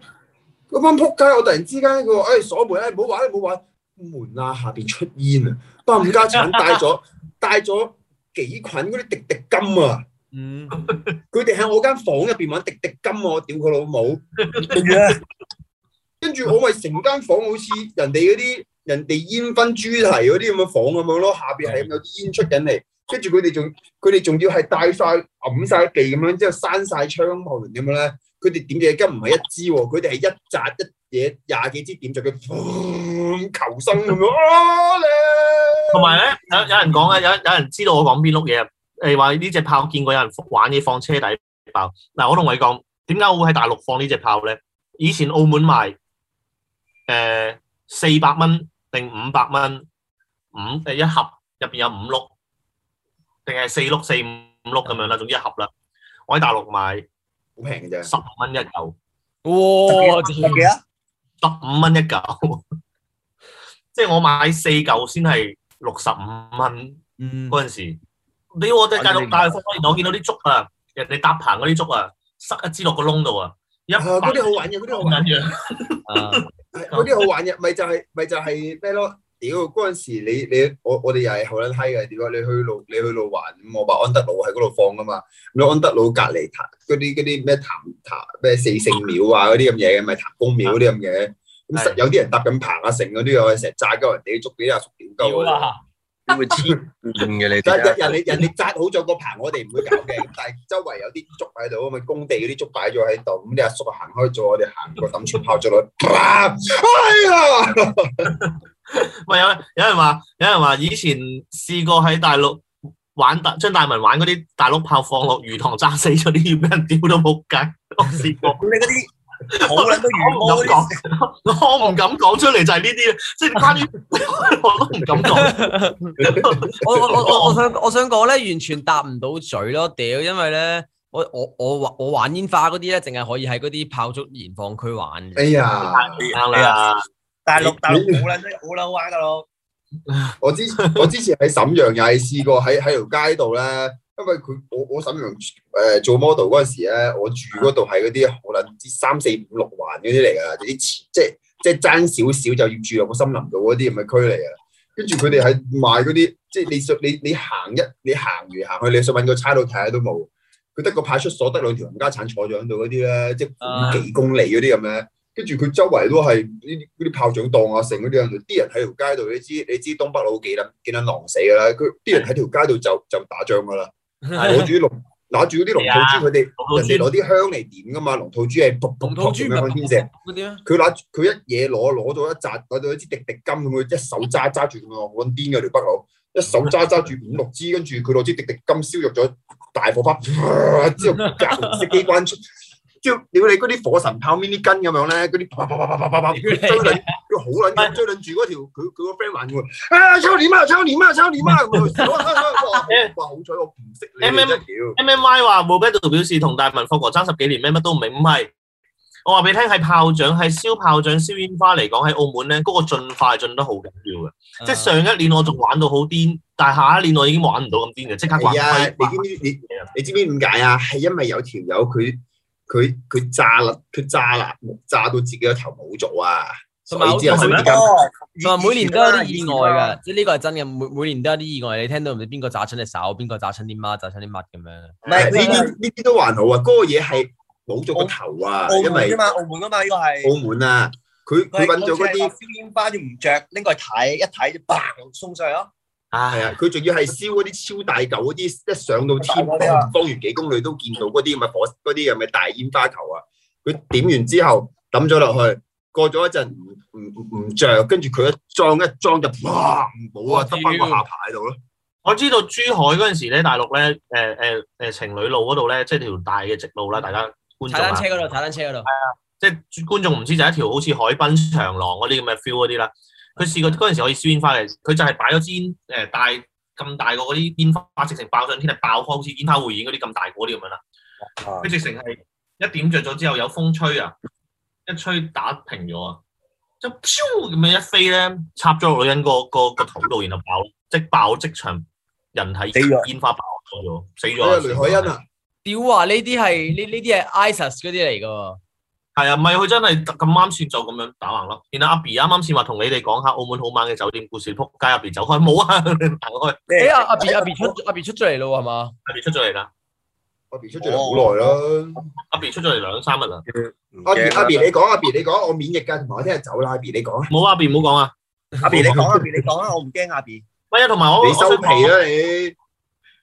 Speaker 2: 我班仆街，我突然之間佢話，哎鎖門啦，唔、哎、好玩唔好玩！門啊下邊出煙啊！當家產帶咗 帶咗幾捆嗰啲滴滴金啊！嗯，佢哋喺我間房入邊玩滴滴金啊，我屌佢老母！跟住咧，跟住我咪成間房好似人哋嗰啲人哋煙燻豬蹄嗰啲咁嘅房咁樣咯，下邊係有啲煙出緊嚟。跟住佢哋仲，佢哋仲要係帶晒，揞晒地咁樣，之後閂晒窗門咁樣咧。佢哋點嘅？今唔係一支喎，佢哋係一扎一嘢廿幾支點就叫「求生」咁
Speaker 4: 樣。同埋咧，有有人講
Speaker 1: 啊，有有人知道我講邊碌嘢啊？誒話呢隻炮我見過有人玩嘢放車底爆。嗱，我同你講點解我會喺大陸放呢隻炮咧？以前澳門賣誒四百蚊定五百蚊五誒一盒，入邊有五六。定係四碌四五五碌咁樣啦，總之一盒啦。我喺大陸買好平嘅啫，十蚊一嚿。哇！幾多？十五蚊一嚿，即係我買四嚿先係六十五蚊。嗯，嗰陣時，你我哋大陸大貨，我見到啲竹啊，人哋搭棚嗰啲竹啊，塞一支落個窿度啊。啊！嗰啲好玩嘅，嗰啲好玩嘅。嗰啲好玩
Speaker 2: 嘅，咪就係咪就係咩咯？屌，嗰陣時你你我我哋又係好卵閪嘅，屌！講，你去路你去路環咁，我話安德魯喺嗰度放噶嘛，咁安德魯隔離潭嗰啲啲咩潭潭咩四聖廟啊嗰啲咁嘢嘅，咪譚公廟啲咁嘅，咁有啲人搭緊棚啊成嗰啲，我成日炸鳩人哋啲竹仔畀阿叔點鳩啊，點會黐亂嘅你？人哋人哋紮好咗個棚，我哋唔會搞嘅，但係周圍有啲竹喺度啊嘛，工地嗰啲竹擺咗喺度，咁你阿叔行開咗，我哋行過抌樹炮出來，啪！哎呀～喂，有
Speaker 1: 有人話，有人話，以前試過喺大陸玩大，將大文玩嗰啲大陸炮放落魚塘，炸死咗啲要畀人屌都冇計。我試過， 你嗰啲我我唔敢講，我唔敢講出嚟就係呢啲，即 係關於我都唔敢講
Speaker 3: 我我我我想我想講咧，完全答唔到嘴咯，屌，因為咧，我我我玩我玩煙花嗰啲咧，淨係可以喺嗰啲炮竹燃放區玩。哎呀，就是、哎呀。大陸
Speaker 2: 道好
Speaker 1: 撚
Speaker 2: 好撚玩噶咯！我之前我之前喺瀋陽又係試過喺喺條街度咧，因為佢我我瀋陽住做 model 嗰陣時咧，我住嗰度係嗰啲可能唔知三四五六環嗰啲嚟噶，啲即即爭少少就要住入個森林度嗰啲咁嘅區嚟噶。跟住佢哋係賣嗰啲，即係你想你你行一你行嚟行去，你想揾個差佬睇下都冇，佢得個派出所得兩條冚家鏟坐咗喺度嗰啲咧，即係幾公里嗰啲咁嘅。啊跟住佢周圍都係呢啲炮仗檔啊，成嗰啲人，啲人喺條街度，你知你知東北佬幾撚幾撚狼死㗎啦！佢啲人喺條街度就就打仗㗎啦，攞住龍攞住啲龍套珠，佢哋人哋攞啲香嚟點㗎嘛，龍套珠係，龍套珠佢攞佢一嘢攞攞咗一紮攞到一支滴滴金咁佢一手揸揸住㗎喎，戇癲條北佬，一手揸揸住五六支，跟住佢攞支滴滴金燒肉咗，大火花，之後隔紅色機關槍。你你嗰啲火神炮 mini 咁樣咧，嗰啲追好撚 追住嗰條佢佢個 friend 玩嘅喎、 哎 啊，啊抽年啊抽年、 哎、啊抽
Speaker 1: 年啊！M M Y 話好彩我唔識你嘅 M M Y 話，Mabel 表示同大文霍哥爭十幾年咩乜都唔明，唔係我話畀你聽，係炮仗係燒炮仗燒煙花嚟講喺澳門咧，嗰、那個進化進得好緊要嘅，嗯啊、即係上一年我仲玩到好癲，但係下一年我已經玩唔到咁癲嘅，即刻掛，你知唔知
Speaker 4: 你知
Speaker 2: 唔知點解啊？係因為有條友佢。佢佢炸啦，佢炸啦，炸到自己個頭冇咗啊！同埋好似而家，同埋、哦、每年都有啲意外噶，
Speaker 3: 即係呢個係真嘅。每每年都有啲意外，你聽到唔知邊個炸親隻手，邊個炸親啲媽，炸親啲乜咁樣。唔係呢啲呢啲都還好啊，嗰、那個嘢係冇咗個頭啊，嘛因為澳門嘛，
Speaker 2: 澳門噶嘛呢、這個係。澳門啊，佢佢搵咗嗰啲煙花就唔着，拎過去睇，一睇就嘭送晒咯。係啊，佢仲、啊、要係燒嗰啲超大嚿嗰啲，一上到天，方圓幾公里都見到嗰啲咁嘅火，嗰啲咁嘅大煙花球啊！佢點完之後抌咗落去，過咗一陣唔唔唔着，跟住佢一裝一裝就唔
Speaker 1: 好啊，得翻個下排喺度咯。我知道珠海嗰陣時咧，大陸咧，誒誒誒情侶路嗰度咧，即係條大嘅直路啦、嗯，大家觀眾啊踩單車嗰
Speaker 3: 度，踩單車嗰度，係啊，即、就、係、
Speaker 1: 是、觀眾唔知就係、一條好似海濱長廊嗰啲咁嘅 feel 嗰啲啦。佢試過嗰陣時可以燒煙花嘅，佢就係擺咗支煙誒、呃、大咁大個嗰啲煙花，直情爆上天，係爆開，好似煙花匯演嗰啲咁大個啲咁樣啦。佢、啊、直情係一點着咗之後，有風吹啊，一吹打平咗啊，就咁樣一飛咧，插咗個女人、個個、個頭度，然後爆即爆即場人體煙花爆咗死咗啊！雷海恩啊，
Speaker 3: 屌啊！呢啲係呢呢啲係 ISIS 嗰啲嚟噶。
Speaker 1: 係啊，唔係佢真係咁啱先就咁樣打橫咯。然後阿 B 啱啱先話同你哋講下澳門好猛嘅酒店故事，撲街入邊走開冇啊，行開。哎呀，阿 B 阿 B 出阿 B 出咗嚟咯，係嘛？阿 B 出咗嚟㗎，阿 B 出咗嚟好耐啦。阿 B 出咗嚟兩三日啦。阿 B
Speaker 2: 阿 B 你
Speaker 1: 講阿 B 你講，我免疫㗎，同埋我聽日走啦。阿 B 你講啊，冇阿
Speaker 2: B 唔好講啊，阿 B 你講阿 B 你講啊， 我唔驚阿 B。喂！啊，同埋我，你收皮啦！你。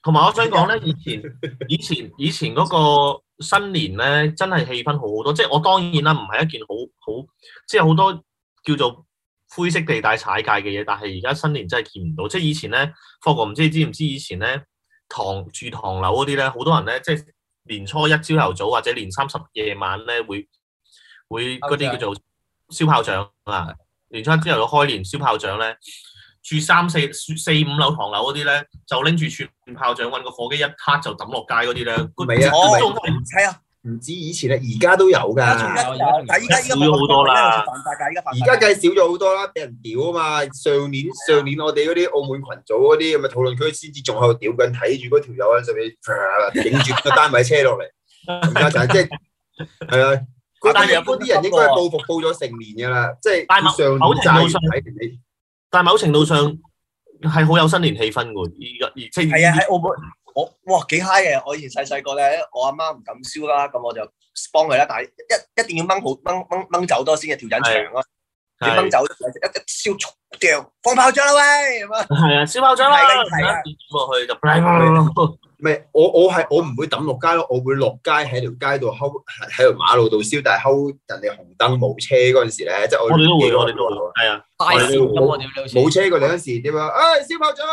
Speaker 2: 同埋
Speaker 1: 我,我想講咧，以前以前以前嗰、嗰個。 新年咧真係氣氛好好多，即係我當然啦，唔係一件好好，即係好多叫做灰色地帶踩界嘅嘢，但係而家新年真係見唔到。即係以前咧，霍哥唔知你知唔知以前咧，唐住唐樓嗰啲咧，好多人咧，即係年初一朝頭早或者年三十夜晚咧，會會嗰啲叫做燒炮仗啊，okay. 年初一朝頭早開年燒炮仗咧。住三四四,四五樓唐樓嗰啲咧，就拎住串炮仗，揾個火機一卡就抌落
Speaker 2: 街嗰啲咧，唔、啊哦啊、止以前啊，而家都有噶，但而家少咗好多啦。而家梗係少咗好多啦，俾人屌啊嘛！上年、啊、上年我哋嗰啲澳門群組嗰啲咁嘅討論區先至仲喺度屌緊，睇住嗰條友喺上面頂住個單位車落嚟，而 家就即係
Speaker 3: 係啊。但係嗰啲人
Speaker 2: 應該報復報咗成年㗎啦，即係上集睇 但某程度上
Speaker 1: 係好有新年氣氛嘅，而家而家，係啊，喺澳門，我哇幾嗨嘅！
Speaker 2: 我以前細細個咧，我阿媽唔敢燒啦，咁我就幫佢啦。但係一一定要掹好掹掹掹走多先嘅，條引場咯。掹走一一燒放炮仗啦喂！係啊，燒炮仗啦！點落去就唔係咯？唔我我係我唔會抌落街咯，我會落街喺條街度，喺喺條馬路度燒。但係喺人哋紅燈冇車嗰陣時咧，即係我哋係啊。大事咁我點你冇車過你嗰時點樣？哎，燒炮仗，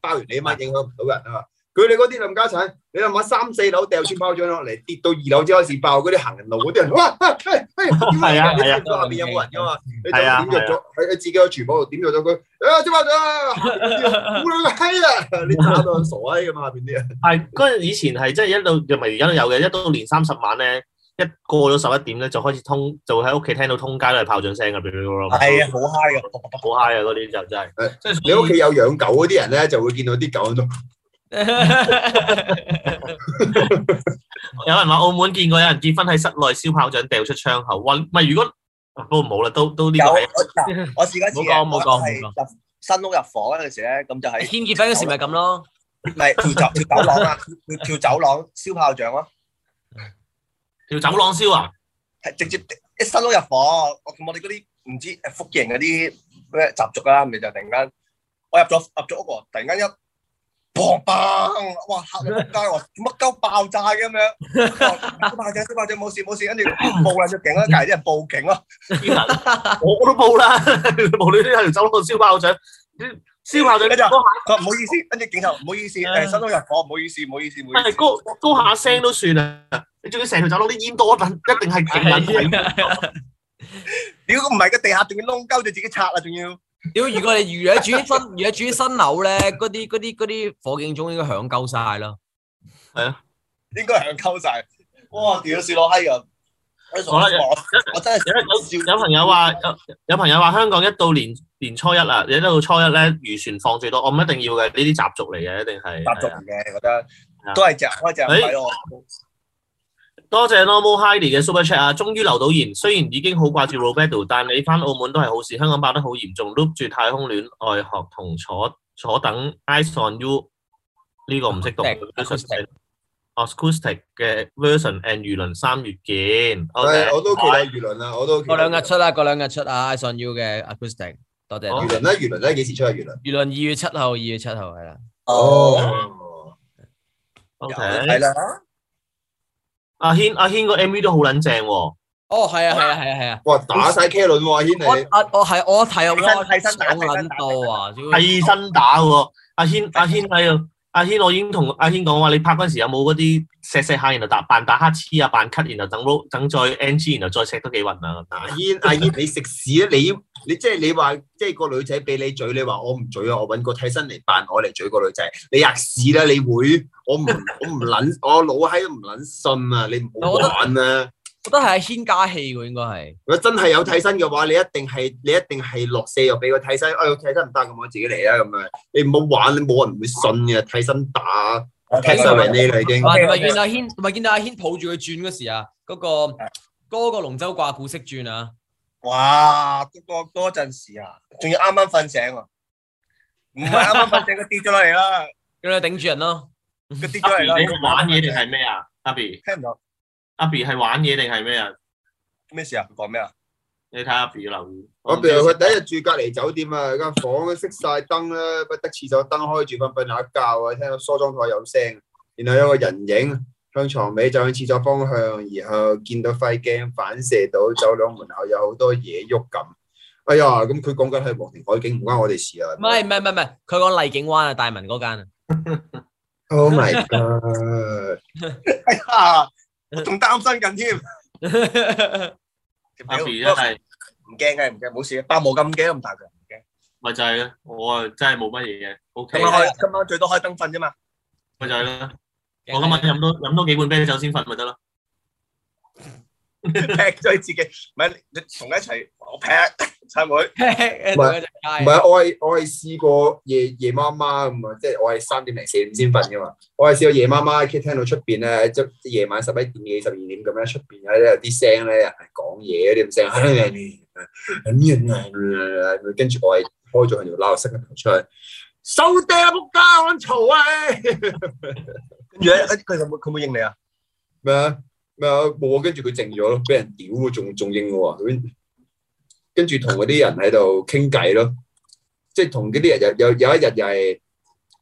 Speaker 2: 爆完你啊嘛，影響唔到人啊嘛。佢哋嗰啲冚家產，你諗下三四樓掉串炮仗落嚟，跌到二樓先開始爆，嗰啲行人路嗰啲人，哇，係啊係啊，下邊有冇人噶嘛？你點着咗喺自己個廚房度點着咗佢？啊，燒炮仗，冇兩個閪啊！你吓到傻閪噶嘛下邊啲人？係嗰陣以
Speaker 1: 前係真係一到又唔係而家都有嘅，一到年三十晚咧，一過咗十一點咧，就開始通，就會喺屋企聽到通街都係炮仗聲噶，嗶嗶咯，係啊，好 high 噶，好 high 啊！嗰啲就真係，即
Speaker 2: 係你屋企有養狗嗰啲人咧，就會見到啲狗喺
Speaker 1: 度。有人話澳門見過有人結婚喺室內燒炮仗，掉出窗口。喂，唔係如果，不過冇啦，都都呢個。我我試過一次啊，我係新屋入伙
Speaker 3: 嗰陣時咧，咁就係先結婚嗰時咪咁咯，咪跳走跳走廊啊，跳跳
Speaker 2: 走廊燒炮仗咯。條走廊燒啊，係直接一伸咗入房，我哋嗰啲唔知福建人嗰啲咩習俗啊，咪就突然間我入咗入咗屋，突然間一砰砰，哇、呃、嚇親，街話乜鳩爆炸咁樣，燒炮仗燒炮仗，冇事冇事，跟住報啦，出警啦、啊，隔啲人報警咯，我都報啦，無論都喺條走廊度燒炮仗。
Speaker 4: 嗯
Speaker 1: 燒炮隊咧就，佢話唔好意思，跟住鏡頭唔好意思，誒新屋入伙唔好意思，唔好意思，唔好意思。係高高下聲都算啦，你仲要成條走廊啲煙多一陣，一定係 如果
Speaker 3: 屌，唔係個地下仲要窿鳩就自己拆啦，仲要。屌，如果你如果住新如果住新樓咧，嗰啲嗰啲啲火警鐘應該響鳩晒啦，係啊，
Speaker 2: 應該響鳩晒。哇，屌樹攞閪咁。好啦，有我真係有朋友話
Speaker 1: 有有朋友話香港一到年年初一啦，你一到初一咧漁船放最多，我唔一定要嘅呢啲習俗嚟嘅，一定係習俗嘅，覺得都係只都只，哎就是。多謝 Normal Hardy 嘅 Super Chat 啊，終於留到言，雖然已經好，嗯、掛住 Roberto，但你翻澳門都係好事。香港爆得好嚴重，look 住太空戀愛學同坐坐等 Ice on you，呢個唔識讀。嗯嗯嗯嗯嗯嗯嗯嗯 Acoustic 嘅 version，and 輿論三月見。係，我都期待輿論啦，我都。
Speaker 3: 過兩日出啦，過兩日出啊！iSound U 嘅 Acoustic，多謝。輿論咧，輿論咧，幾時出啊？輿論？輿論二月七號，二月七號係啦。哦。OK，係啦。
Speaker 1: 阿軒，阿軒個 MV 都好撚正喎。
Speaker 3: 哦，係啊，係啊，係啊，係啊。哇！打晒 K 輪喎，阿軒你。我我係我睇我睇新打多啊，
Speaker 1: 替身打喎。阿軒，阿軒喺度。阿軒，我已經同阿軒講話，你拍嗰陣時有冇嗰啲錫錫下，然後扮打乞嗤啊，扮咳，cut, 然後等等再 NG，然後再錫都幾勻
Speaker 2: 啊！ 阿軒，阿軒，你食屎啊！你你即係你話，即係個女仔俾你嘴，你話我唔嘴啊，我揾個替身嚟扮我嚟嘴個女仔，你吔
Speaker 3: 屎啦！你會，我唔我唔撚，
Speaker 2: 我老閪都唔撚信, 信啊！你唔好玩啦～
Speaker 3: 覺得係阿軒加戲喎，應該係。
Speaker 2: 如果真係有替身嘅話，你一定係你一定係落四又俾個替身，哎，替身唔得咁，我自己嚟啦咁樣。你唔好玩，你冇人會信嘅替身打。我睇曬嚟呢啦已經。咪見到
Speaker 3: 阿軒，咪見到阿軒抱住佢轉嗰時啊，嗰、那個嗰、那個龍舟掛鼓識轉啊！哇，多多陣時啊，仲要啱啱瞓醒喎、啊。唔係啱啱瞓醒、啊，佢跌咗嚟啦。咁你 頂住人咯、啊，佢跌咗嚟啦。你個玩嘢定係咩
Speaker 1: 啊？阿 B，聽唔到。阿 B 係
Speaker 2: 玩嘢定係咩啊？咩事啊？講咩啊？你睇阿 B 要留意。我譬如佢第一日住隔籬酒店啊，間房都熄晒燈啦，不得廁所燈開住瞓，瞓下覺啊，聽到梳妝台有聲，然後有個人影向床尾就向廁所方向，然後見到塊鏡反射到走廊門口有好多嘢喐咁。哎呀，咁佢講緊係黃田海景，唔關我哋事啊。
Speaker 3: 唔係，唔係，唔係，佢講麗景灣啊，大民嗰間啊。Oh
Speaker 4: my god！哎呀～
Speaker 3: 仲擔心緊添，
Speaker 2: 阿 B 而家係唔
Speaker 1: 驚
Speaker 2: 嘅，唔驚，冇、就是、事。包冇咁驚咁大個，
Speaker 1: 唔驚，咪就係、是、啦。我啊，真係冇乜嘢嘅。O K。今晚開
Speaker 2: 今晚最多開燈瞓啫嘛，
Speaker 1: 咪就係啦。我今晚飲多飲多幾罐啤酒先瞓咪得咯。
Speaker 2: 劈咗自己，唔係你同我一齊，我劈餐會，唔係唔係，我係我係試過夜夜媽媽咁啊，即係我係三點零四點先瞓噶嘛，我係試過夜媽媽，可以聽到出邊咧，即夜晚十一點幾十二點咁咧，出邊有啲聲咧，係講嘢嗰啲聲，跟住我係開咗條鬧室嘅頭出去，收嗲仆街，我嘈啊！跟住佢佢有冇佢有冇應你啊？咩？咩冇啊！跟住佢靜咗咯，俾人屌，仲仲應我喎。跟住同嗰啲人喺度傾偈咯，即係同嗰啲人有有有一日又係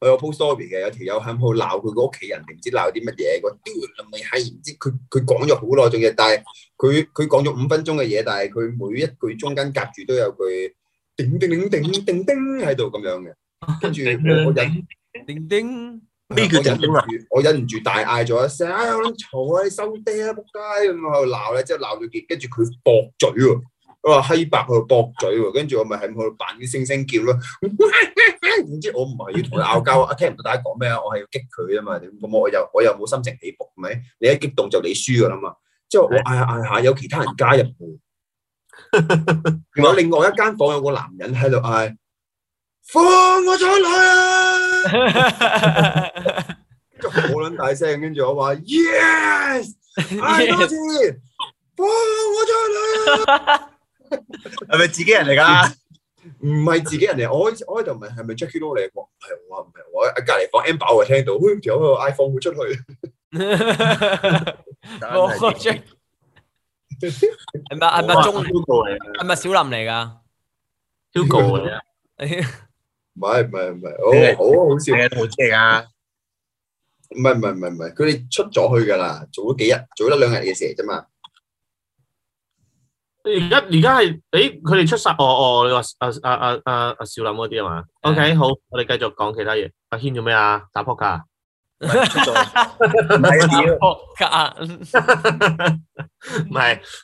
Speaker 2: 我有 post story 嘅，有條友喺度鬧佢個屋企人，人，定唔、嗯、知鬧啲乜嘢。我屌，唔係唔知佢佢講咗好耐嘅嘢，但係佢佢講咗五分鐘嘅嘢，但係佢每一句中間隔住都有句叮叮叮叮叮叮喺度咁樣嘅，跟住我，叮叮，叮。咩叫忍唔住？我忍唔住大嗌咗一聲，我諗嘈啊，你收嗲啊仆街咁喺度鬧咧，之後鬧到極，聲聲哈哈跟住佢駁嘴喎，佢話黑白喺度駁嘴喎，跟住我咪喺度扮啲星星叫咯，唔知我唔係要同佢拗交啊，聽唔到大家講咩啊，我係要激佢啊嘛，咁我又我又冇心情起伏，係咪？你一激動就你輸噶啦嘛，之後我嗌下嗌下，有其他人加入，同埋另外一間房間有個男人喺度嗌，
Speaker 4: 放我出來啊！
Speaker 2: 真係好撚大聲，跟住我話 yes，係多次
Speaker 4: 放我出去，
Speaker 2: 係咪自己人嚟噶？唔係自己人嚟，我我喺度問係咪 Jacky Lo 嚟？係我話唔係，我隔籬房 Emma 我聽到，喂，仲有個 iPhone 會出去？
Speaker 3: 阿 Jack，係咪係咪鐘？係咪小林嚟噶？Google 啊！
Speaker 2: 唔係唔係唔係，好好好笑好笑啊！唔係唔係唔係唔係，佢哋出咗去噶啦，做咗幾日，做咗兩日嘅蛇啫嘛。
Speaker 1: 而家而家係誒，佢哋出殺哦哦，你話阿阿阿阿阿少林嗰啲啊嘛？OK，好，我哋繼續講其他嘢。阿軒做咩啊？打撲克啊？
Speaker 4: 唔係，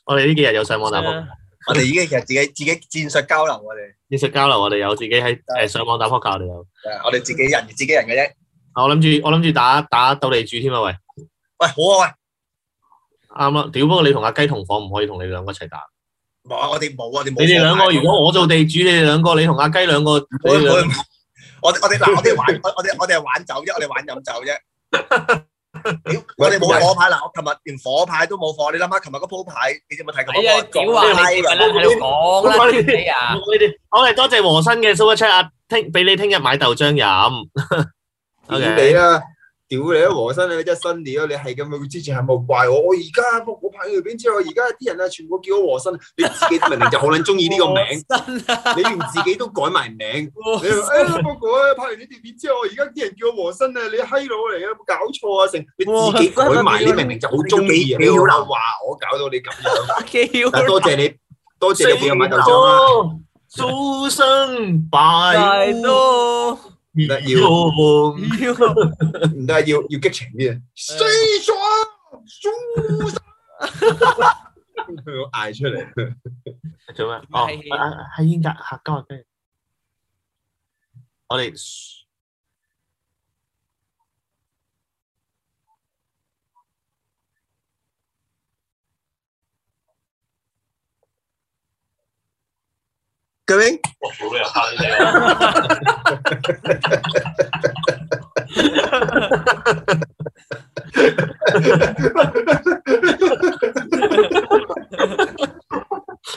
Speaker 1: 我哋呢幾日有上網打撲克。我哋已經其實自己自
Speaker 4: 己
Speaker 1: 戰術交流，我哋戰術交流，我哋有自己喺誒上網打撲克，我哋有。我哋自己人，自己人嘅啫。我諗住我諗住打打鬥地主添啊，喂喂，好啊，喂，啱啦。屌，不過你同阿雞同房唔可以同你哋兩個一齊打。
Speaker 2: 冇啊，我哋冇啊，我哋冇。你哋兩個如果我
Speaker 1: 做地主，你哋兩個你同阿雞兩個，兩個兩個兩個
Speaker 2: 我我我哋嗱我哋玩 我哋我哋係玩酒啫，我哋玩飲酒啫。 屌，我哋冇火牌嗱，我琴日連火牌都冇火，你諗下琴日個鋪牌，你有冇睇過？屌啊，你講啦，你講啦，你
Speaker 1: 啊，好啦，多謝和新嘅 Super Chat 啊，聽，俾你聽日
Speaker 2: 買豆漿飲，O K。屌你啊，和珅啊，真係新嚟啊。你係咁啊，佢之前係咪怪我？我而家我拍完條片之後，而家啲人啊，全部叫我和珅，你自己明明就好撚中意呢個名， 啊、你連自己都改埋名、啊你話。哎呀，僕哥啊，拍完呢條片之後，而家啲人叫我和珅啊，你閪佬嚟嘅，有冇搞錯啊？成你自己改埋你明明就好中意嘅，你好難話我搞到你咁樣多。多謝你，多謝你俾我買頭獎啦！蘇生百多。多唔得要，唔得要，要激情啲啊！
Speaker 4: 四壯蘇生，
Speaker 2: 佢要嗌出嚟，
Speaker 4: 做咩？哦，喺喺英格吓今日今日，我哋。咁
Speaker 1: 樣，我做咩要慳啫？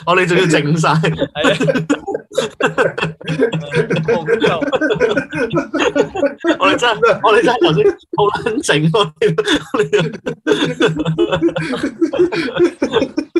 Speaker 1: 我哋仲要整曬，
Speaker 4: 我唔做。我哋真係，我哋真係頭先好撚整喎。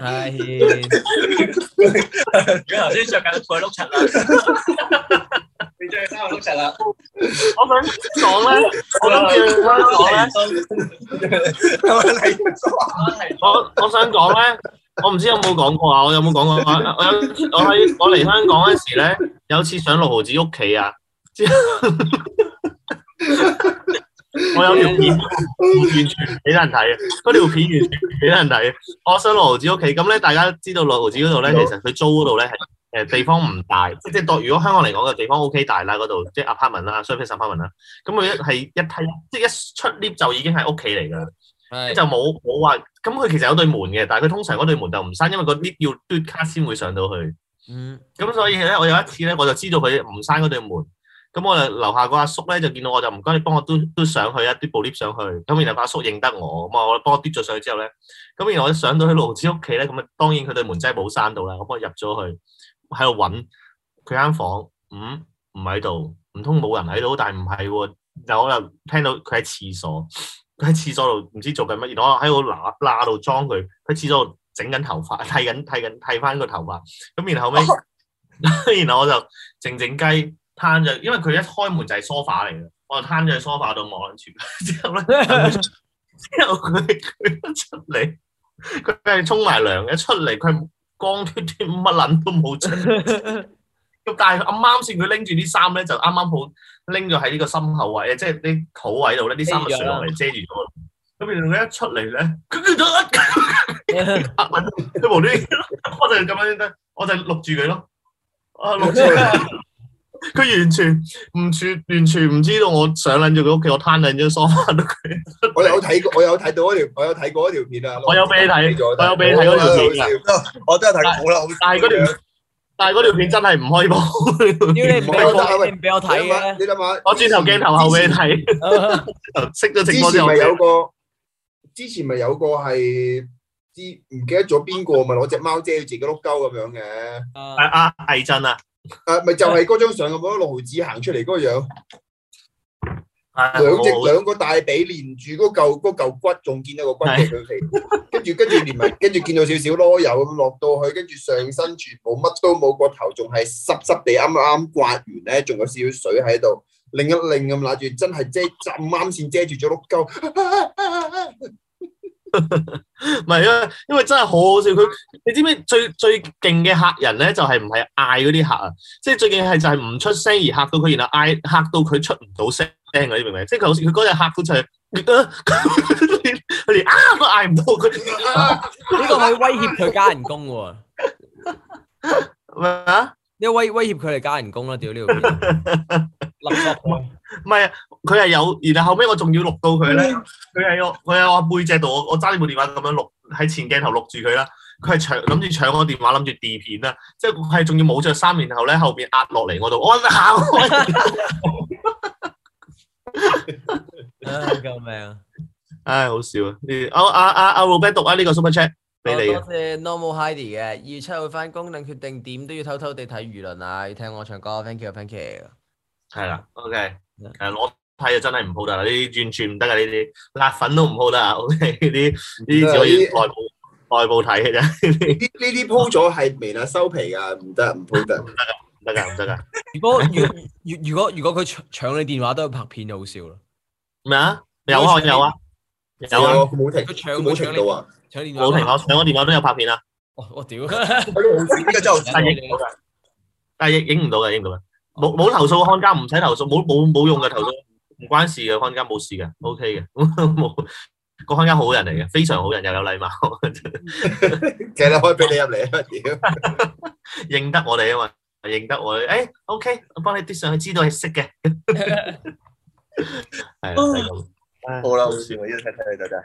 Speaker 4: 唉、哎，而家頭先着緊碌柒啦，你着緊碌柒啦。我想講咧，我想叫翻講咧。我我想講咧，
Speaker 1: 我唔知有冇講過啊？我有冇講過我我喺我嚟香港嗰時咧，有次上六毫子屋企啊。 我有一條片，完全俾人睇嘅。嗰條片完全俾人睇嘅。 我上六毫子屋企，咁咧大家知道六毫子嗰度咧，其實佢租嗰度咧係誒地方唔大，即係當如果香港嚟講嘅地方 OK 大啦，嗰度即係 apartment 啦，所以 service apartment 啦。咁佢一係一梯，即係 一,一,一出 lift 就已經係屋企嚟㗎， 佢就冇冇話。咁佢其實有一對門嘅，但係佢通常嗰對門就唔閂，因為個 lift 要嘟卡先會上到去。嗯。咁所以咧，我有一次咧，我就知道佢唔閂嗰對門。咁我就樓下個阿叔咧就見到我就唔該，你幫我嘟嘟上去一啲部 lift 上去。咁然後阿叔認得我，咁我就幫我幫我嘟咗上去之後咧，咁然後我上到去老師屋企咧，咁啊當然佢對門真係冇閂到啦，咁我入咗去，喺度揾佢間房，嗯唔喺度，唔通冇人喺度，但係唔係喎。然後我又聽到佢喺廁所，佢喺廁所度唔知做緊乜，然後我喺度揦揦度裝佢喺廁所度整緊頭髮，剃緊剃緊剃翻個頭髮。咁然後尾，然後我就靜靜雞。 攤咗，因為佢一開門就係 sofa 嚟嘅。我就攤咗喺 sofa 度望住。之後咧，之 後佢佢出嚟，佢係沖埋涼嘅。一出嚟佢光脫脫，乜捻都冇 着。咁但係啱啱先，佢拎住啲衫咧，就啱啱好拎咗喺呢個心口位，即係啲肚位度咧，啲衫上嚟遮住咗。咁然後佢一出嚟咧，佢佢冇啲，就就無端 我就咁樣，我就錄住佢咯。啊，錄住。佢。 佢完全唔知，完全唔知道我上捻住佢屋企，我攤喺張沙發
Speaker 2: 我有睇，我有睇到嗰條，我有睇過條片啊！我有俾你睇，我有俾你睇嗰條片啊！我真係睇唔到啦！但係嗰條，但係條
Speaker 1: 片真係唔開播。如、嗯、 你唔俾我睇、啊，你諗
Speaker 2: 下，我轉頭鏡頭後俾你睇。識咗直播之後，咪 有個之前咪有個係啲唔記得咗邊個，咪攞隻貓遮住自己碌鳩咁樣嘅。係阿毅振啊！誒，咪就係嗰張相嗰個六毫子行出嚟嗰個樣，兩隻兩個大髀連住嗰嚿嗰嚿骨，仲見到個關節喺度，跟住跟住連埋，跟住見到少少囉柚落到去，跟住上身全部乜都冇，個頭仲係濕濕地，啱啱刮完咧，仲有少少水喺度，擰一擰咁揦住，真係遮浸啱先，遮住咗碌鳩。
Speaker 1: 唔係啊，因為真係好好笑。佢你知唔知最最勁嘅客人咧，就係唔係嗌嗰啲客啊，即係最勁係就係、是、唔出聲而嚇到佢，然後嗌嚇到佢出唔到聲嗰啲，明唔
Speaker 3: 明？即、就、係、是、好似佢嗰日嚇到就係，佢連嗌都嗌唔到佢，呢個可以威脅佢加人工喎。咩 啊？ 因為威威脅佢嚟加人工啦，屌呢條片！錄錄啊，唔係啊，佢
Speaker 1: 係有，然後後尾我仲要錄到佢
Speaker 3: 咧，佢係要，佢喺我背脊度，我揸住部電話咁樣錄
Speaker 1: 喺前鏡頭錄住佢啦，佢係搶諗住搶我電話，諗住地片啦，即係佢係仲要冇着衫，然後咧後邊壓落嚟我度，我 嚇、 啊！救命啊！唉、哎，好笑啊！阿阿阿、啊啊啊啊、Robert 讀啊，呢、這個 super chat。
Speaker 3: 你哋 Normal Heidi 嘅二月七號翻工，等決定,定點都要偷偷地睇輿論啊！要聽我唱歌，Thank you，Thank you，係啦
Speaker 1: ，OK，誒、嗯啊，我睇就真係唔鋪得，呢啲完全唔得噶，呢啲辣粉都唔鋪得啊！OK，啲呢啲可以內
Speaker 2: 部內部睇嘅啫，呢啲鋪咗係未得收皮噶，唔
Speaker 3: 得唔鋪得，唔得噶唔得噶。如果如果如果佢搶搶你電話都要拍片就好笑咯，咩啊？有看有啊，有啊，冇、啊、停，佢搶冇停到啊！冇停我上個
Speaker 1: 電話都有拍片啊！我我屌，
Speaker 3: 呢個周
Speaker 1: 但係影唔到嘅，影唔到嘅，冇冇、哦、投訴、哦，看家唔使投訴，冇冇冇用嘅，投訴唔關事嘅，看家冇事嘅，OK 嘅，冇個看家好人嚟嘅，非常好人，哦、又有禮貌， 其實開俾你入嚟啊！屌， 認得我哋啊嘛，認得我哋，誒，OK，我幫你啲上去，知道你識嘅，係啊，係咁、哦 哦，好啦，好算，我依家睇睇你大家。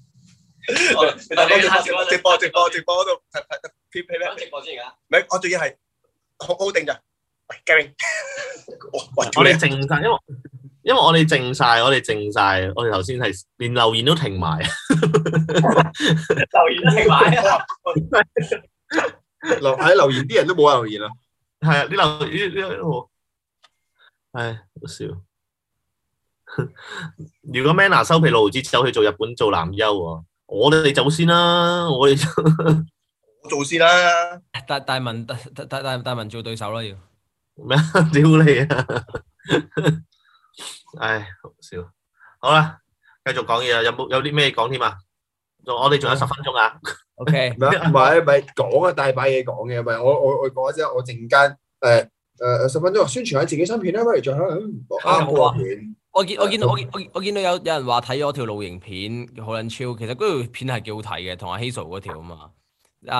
Speaker 2: 直播直播直播嗰度，係係 P P 咩？直播先而家，唔係我仲要係好固定咋？喂
Speaker 1: ，Gary，我我哋靜晒，因為因為我哋靜晒，我哋靜晒，我哋頭先係連留言都停埋，
Speaker 4: 留言都停埋啊！
Speaker 2: 留喺留言啲人都冇留言啊，係啊，啲留啲啲我
Speaker 1: 係好笑。如果 Menna 收皮路之後走去做日本做男優喎。我哋嚟做先啦，我哋做，
Speaker 3: 我做先啦。大大文，大大大大文做對手啦，要
Speaker 1: 咩啊？屌你！
Speaker 3: 唉，好笑。好
Speaker 1: 啦，繼續講嘢啊，有冇有啲咩講添啊？仲我哋仲有十分鐘啊？OK。咩？唔係
Speaker 2: 唔係講啊，大把嘢講嘅，唔係我我我講咗之後，我陣間誒誒十分鐘宣傳下自己新片啦，不如再
Speaker 3: 響講講片。我見我見到我見我我見到有有人話睇咗條露營片好撚超，其實嗰條片係幾好睇嘅，同阿 Hazel 嗰條啊嘛。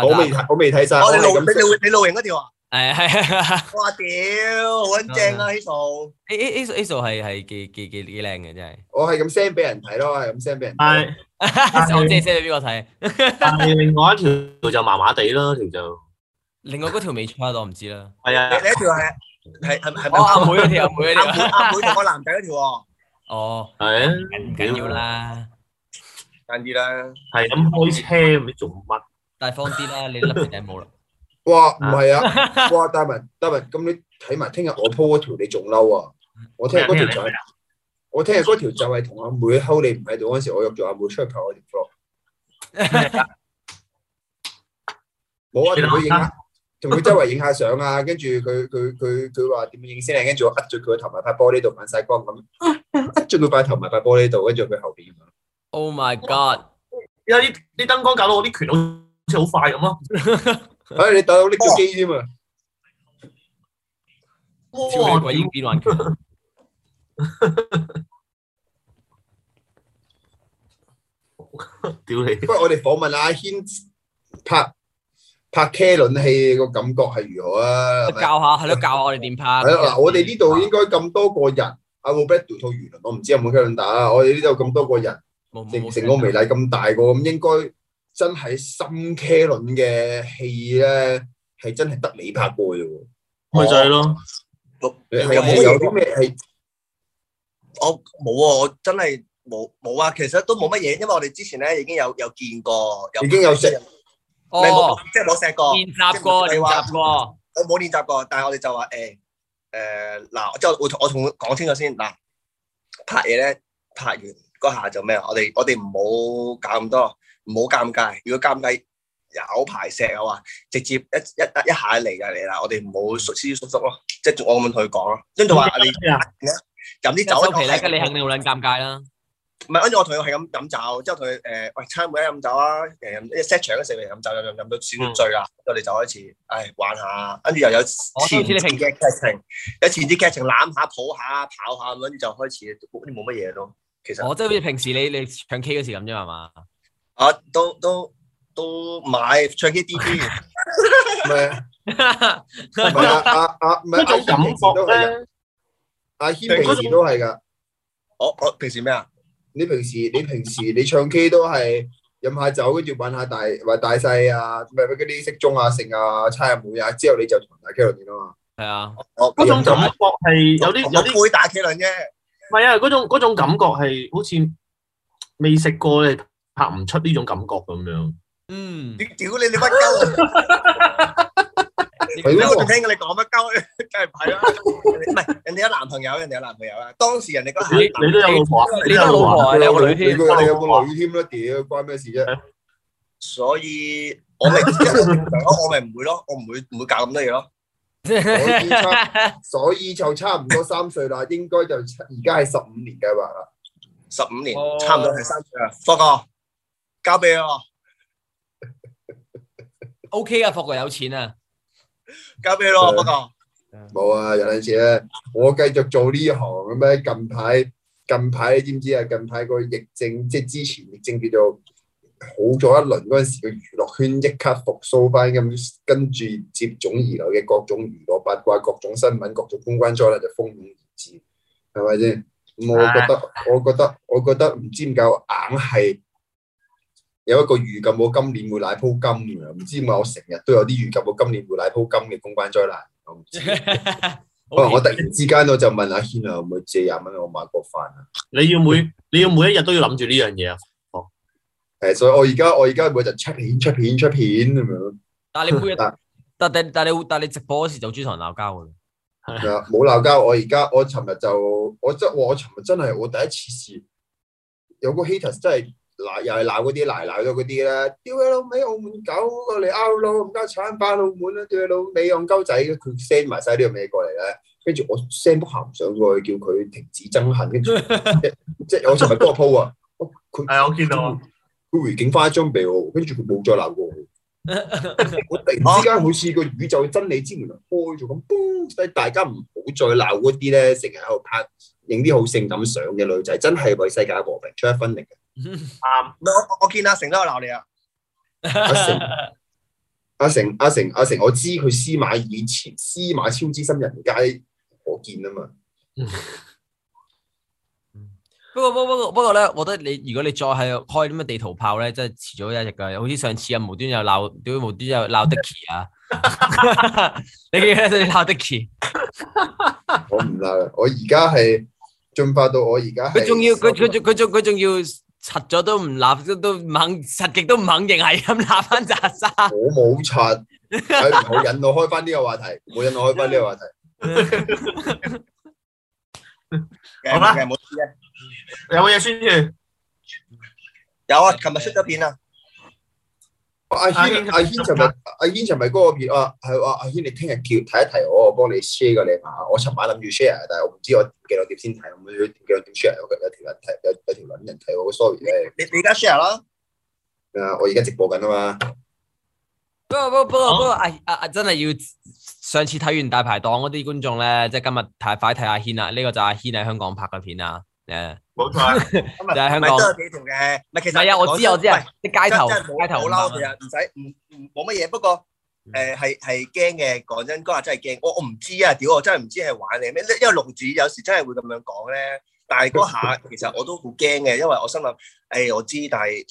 Speaker 3: 我未睇我未睇晒。你
Speaker 2: 露營
Speaker 3: 你露你露營嗰條啊？係係。哇屌，好正啊！Hazel，誒誒誒，Hazel 係係幾幾幾幾靚嘅真係。
Speaker 2: 我係咁 send 俾人睇咯，係咁
Speaker 3: send 俾人睇。我即係 send 俾邊個睇？但係另外一條就麻麻地咯，條就。另外嗰條未出，我唔知啦。係啊，你你一條係。
Speaker 2: 係係係咪阿妹嗰條？阿
Speaker 3: 妹阿妹係我男仔嗰條
Speaker 2: 哦。哦，係啊，唔緊要啦，緊
Speaker 1: 啲啦。係咁開車唔知做乜？
Speaker 3: 大方啲啦，你笠住頂帽啦。
Speaker 2: 哇，唔係啊，哇，大文大文，咁你睇埋聽日我 po 嗰條，你仲嬲啊？我聽日嗰條就係，我聽日嗰條就係同阿妹 hold 你唔喺度嗰時，我約咗阿妹出去拍我條 photo。冇啊，條女影啊。同佢周圍影下相啊，跟住佢佢佢佢話點影先靚，跟住我呃住佢個頭埋塊玻璃度，反曬光咁。呃住佢塊頭埋塊玻璃度，跟住佢後邊。
Speaker 1: Oh my god！有啲啲燈光搞到我啲拳好
Speaker 2: 似好快咁咯。誒、 哎，你等我拎咗機添啊！哇！ 超鬼影變幻拳。屌你！不過我哋訪問阿軒 拍。拍車輪戲個感覺係如何啊？
Speaker 3: 教下係咯，教下我哋點拍。係咯，嗱，我哋呢度
Speaker 2: 應該咁多個人，
Speaker 3: 阿 Obed 做套車
Speaker 2: 輪，我唔知有冇車輪打啊。我哋呢度咁多個人，
Speaker 3: 成
Speaker 2: 成個美麗咁大個，咁應該真係深車輪嘅戲咧，係真係得你拍過嘅喎。
Speaker 3: 咪就係咯。有
Speaker 2: 冇有啲咩係？我冇啊！我真係冇冇啊！其實都冇乜嘢，因為我哋之前咧已經有有見過，已經有識。未冇，即係冇錫過，練習過，就是，練習過。我、就、冇、是、練，練習過，但係我哋就話誒誒嗱，即、欸、係、呃、我同我同佢講清楚先嗱。拍嘢咧，拍完嗰下就咩？我哋我哋唔好搞咁多，唔好尷尬。如果尷尬有排錫嘅話，直接一一一,一下嚟就嚟啦。我哋唔好縮縮縮縮咯，即
Speaker 3: 係我咁同佢講咯。跟住話你知啊？飲啲酒皮咧，你肯定好尷尬啦。
Speaker 2: 唔係，跟住我同佢係咁飲酒，之後同佢誒喂餐會喺飲酒啊，誒一 set 場嗰時嚟飲酒，飲飲飲到少少醉啦，嗯、我哋就開始，唉玩下，跟住又有，好似你平時嘅劇情，有前啲劇情攬下抱下跑下咁，跟住就開始，啲冇乜嘢咯，其實，我即係好
Speaker 3: 似平時你你唱 K 嗰時咁啫嘛，啊，都都都買唱 K DV 碟，咩啊？阿阿唔係，嗰、 啊啊
Speaker 2: 啊啊、種感覺咧，阿軒平時都係㗎，我我平時咩啊？你平時你平時你唱 K 都係飲下酒，跟住問下大或大細啊，咪嗰啲識中啊剩啊差人妹啊，之後你就打 K 輪啊嘛。係啊，嗰、啊哦、種感覺係有啲有啲會打 K 輪啫。
Speaker 1: 唔係啊，嗰、啊、種種感覺係好似未食過你，拍唔出呢種感覺咁樣。嗯，
Speaker 2: 你屌你你乜鳩？你我仲聽緊你講乜鳩，梗係唔係啦！唔係人哋有男朋友，人哋有男朋友啦。當時人哋嗰你你都有老婆啊？你有老婆你有女添？你有冇女添咧？屌，關咩事啫？所以 我咪我咪唔會咯，我唔會唔會，會，會搞咁多嘢咯。所以， 所以就差唔多三歲啦，應該就而家係十五年計劃啦，十
Speaker 3: 五年，哦、差唔多係三歲啦。霍哥交俾我，OK 啊！霍哥有錢啊！交俾你咯，我不過冇
Speaker 2: 啊！有陣時咧，我繼續做呢行咁樣。近排近排，你知唔知啊？近排個疫症，即係之前疫症，叫做好咗一輪嗰陣時嘅娛樂圈，一刻復蘇翻咁，跟住接踵而來嘅各種娛樂八卦、各種新聞、各種公關災難就蜂擁而至，係咪先？啊、我覺得，我覺得，我覺得唔知點解硬係。有一個預感，我今年會攋鋪金啊！唔知嘛，我成日都有啲預感，我今年會攋鋪金嘅公關災難。我唔知。可 能、okay，我突然之間，我就問阿軒啊，可唔可以借廿蚊我買個飯啊？你要每你要
Speaker 3: 每一日都要諗住呢樣嘢啊！哦，
Speaker 2: 誒、欸，所以我而家我而家每日出片出片出片
Speaker 3: 咁樣。但係你每日，但 但但你但你，但你直播嗰時就經常鬧交嘅。係 啊，
Speaker 2: 冇鬧交。我而家我尋日就我，我真我尋日真係我第一次試，有個 hater 真係。嗱，又係鬧嗰啲，鬧鬧咗嗰啲啦，屌你老味！澳門狗過嚟咬佬，咁加產霸澳門啦，屌你老味！用鳩仔，佢 send 埋呢啲咩過嚟咧，跟住我聲波行唔上去，去叫佢停止憎恨，跟住即係我尋日嗰個 p 啊，佢係我見到啊，佢他 回敬翻一張俾我，跟住佢冇再鬧過
Speaker 4: 我。
Speaker 2: 我突然之間好似個宇宙真理之門開咗咁，大家唔好再鬧嗰啲咧，成日喺度拍影啲好性感相嘅女仔，真係為世界和平出一分力嘅。啊、 uh,！我我見阿、 啊、成都有鬧你啊！阿成阿成阿成阿成，我知佢司馬以前司馬昭之心人皆可見啊嘛。
Speaker 3: 不過不過不過咧，我覺得你如果你再係開啲乜地圖炮咧，真係遲早一日嘅。好似上次又無端又鬧，點無端又鬧迪奇啊？ 你記得先鬧迪奇？
Speaker 2: 我唔鬧，我而家係進化到我而家。
Speaker 3: 佢仲要佢佢佢仲佢仲要。拆咗都唔立，都唔肯拆，極都唔肯認，係咁立翻扎沙。
Speaker 2: 我冇拆，唔 好、哎、引我開翻呢個話題，冇引我開翻呢個話題。 嗯，冇問題啊、有冇嘢宣傳？有啊，琴日出咗片啊。阿軒、啊、阿軒尋日阿軒尋日嗰個月啊係話、啊、阿軒你聽日叫睇一睇我我幫你 share 個靚碼我尋晚諗住 share 但係我唔知我幾多碟先睇我冇幾多 share 有條人有條問題有人有條卵人睇我 sorry 咧你你而家 share 咯。啊我而家直播緊啊嘛
Speaker 3: 不過不過不過不過阿阿真係要上次睇完大排檔嗰啲觀眾咧即係今日太快睇阿軒啦呢個就阿軒喺香港拍嘅片啊。誒，冇錯，就係、是、咪
Speaker 2: 都有幾條嘅？唔係，其實我知，我知啊，啲街頭，真真街頭好嬲，其實唔使，唔冇乜嘢。不過誒，係係驚嘅，講真嗰下真係驚。我我唔知啊，屌我真係唔知係玩定咩？因為六子有時真係會咁樣講咧。但係嗰下其實我都好驚嘅，因為我心諗，誒、哎、我知，但係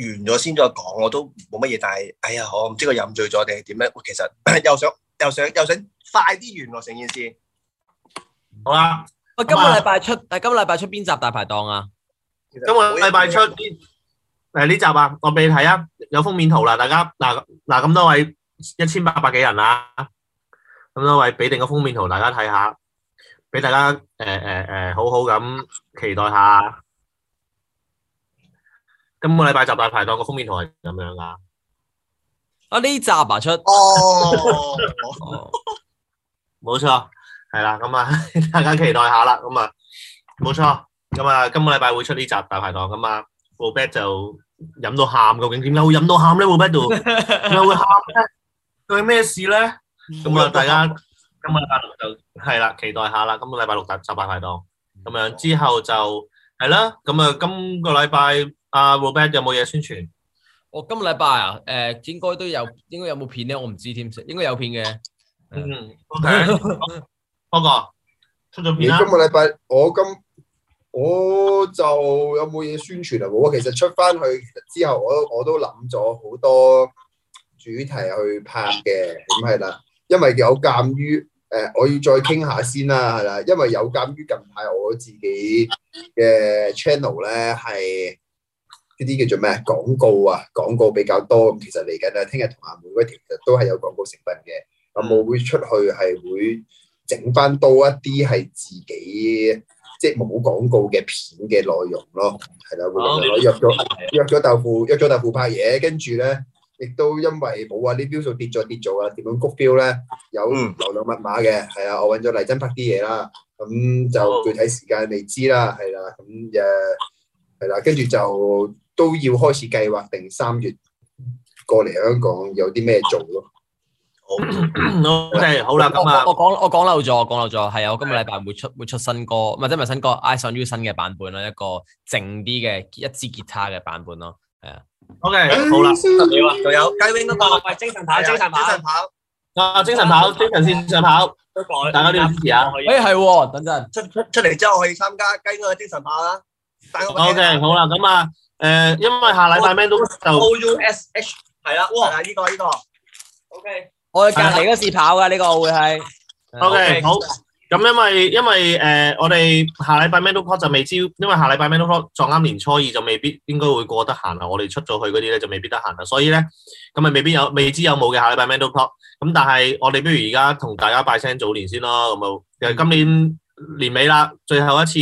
Speaker 2: 完咗先再講，我都冇乜嘢。但係哎呀，我唔知佢飲醉咗定係點咧。其實又想又想又想快啲完落成件事。好
Speaker 3: 啦。我今個禮拜出，但係今個禮拜出邊集《大排檔》啊？
Speaker 1: 今個禮拜出，誒呢集、啊呃、集啊，我俾你睇啊，有封面圖啦，大家嗱嗱咁多位一千八百幾人啦、啊，咁多位俾定個封面圖大家睇下，俾大家誒誒誒好好咁期待下，今個禮拜集《大排檔》個封面圖係咁樣噶、啊。啊呢集啊出哦，冇、oh. 錯、 oh. oh.。係啦，咁啊，大家期待下啦，咁啊，冇錯，咁啊，今個禮拜會出呢集大排檔，咁啊，Bob 就飲到喊，究竟點解會飲到喊咧？Bob 度，係咪會
Speaker 4: 喊
Speaker 1: 咧？佢咩事咧？咁啊，大家今個禮拜六就係啦，期待下啦，今個禮拜六集集大排檔，咁樣之後就係啦，咁啊，今個禮拜阿 Bob 有冇嘢宣傳？
Speaker 3: 我今個禮拜啊，誒，應該都有，應該有冇片咧，我唔知添，應該有片嘅。嗯。嗰、okay, 個，今個禮
Speaker 2: 拜我今我就有冇嘢宣傳啊？我其實出翻去之後我，我我都諗咗好多主題去拍嘅，咁係啦。因為有鑑於誒、呃，我要再傾下先啦，係啦。因為有鑑於近排我自己嘅 channel 咧，係呢啲叫做咩廣告啊，廣告比較多。咁其實嚟緊啊，聽日同阿妹會其實，都係有廣告成分嘅。阿妹會出去係會整翻多一啲係自己，即係冇廣告嘅片嘅內容咯，係啦，約咗約咗豆腐，約咗豆腐拍嘢，跟住咧，亦都因為冇話啲標數跌咗跌咗啊，點樣谷標咧？有流量密碼嘅，係啊，我搵咗黎真拍啲嘢啦，咁就具體時間未知啦，係啦，咁誒係啦，跟住就都要開始計劃定三月過嚟香港有啲咩做咯。
Speaker 3: o、okay, K，好啦，今日我講我講漏咗，我講漏咗，係啊，我今個禮拜會出會出新歌，唔係即係新歌，新歌？I Shine U 新嘅版本咯，一個靜啲嘅一支吉他嘅版本咯，係啊。O、okay, K，好
Speaker 1: 啦，得啦，仲有雞 wing
Speaker 4: 嗰
Speaker 3: 個精神
Speaker 4: 跑，
Speaker 3: 精神跑，精神跑，精神跑，啊、精神線上跑，都、啊、改、啊啊啊啊，大家都支持啊。誒、這個，係、欸、喎，等陣出出出嚟之後可以
Speaker 2: 參加雞 wing
Speaker 3: 嘅精神跑啦。O、okay, K，好啦，咁啊，誒、呃，因為下禮拜咩、哦、都就 O、哦、U S H，係啦，哇、哦，呢、這個呢、這個，O K。這個我的隔離嗰時跑嘅呢、啊呢個我會係。Okay, O.K. 好，
Speaker 1: 咁因為因為誒、呃，我哋下禮拜 mental talk 就未知，因為下禮拜 mental talk 撞啱年初二就未必應該會過得閒啦。我哋出咗去嗰啲咧就未必得閒啦，所以咧咁咪未必有未知有冇嘅下禮拜 mental talk。咁但係我哋不如而家同大家拜聲早年先咯。咁啊，其實今年年尾啦，最後一次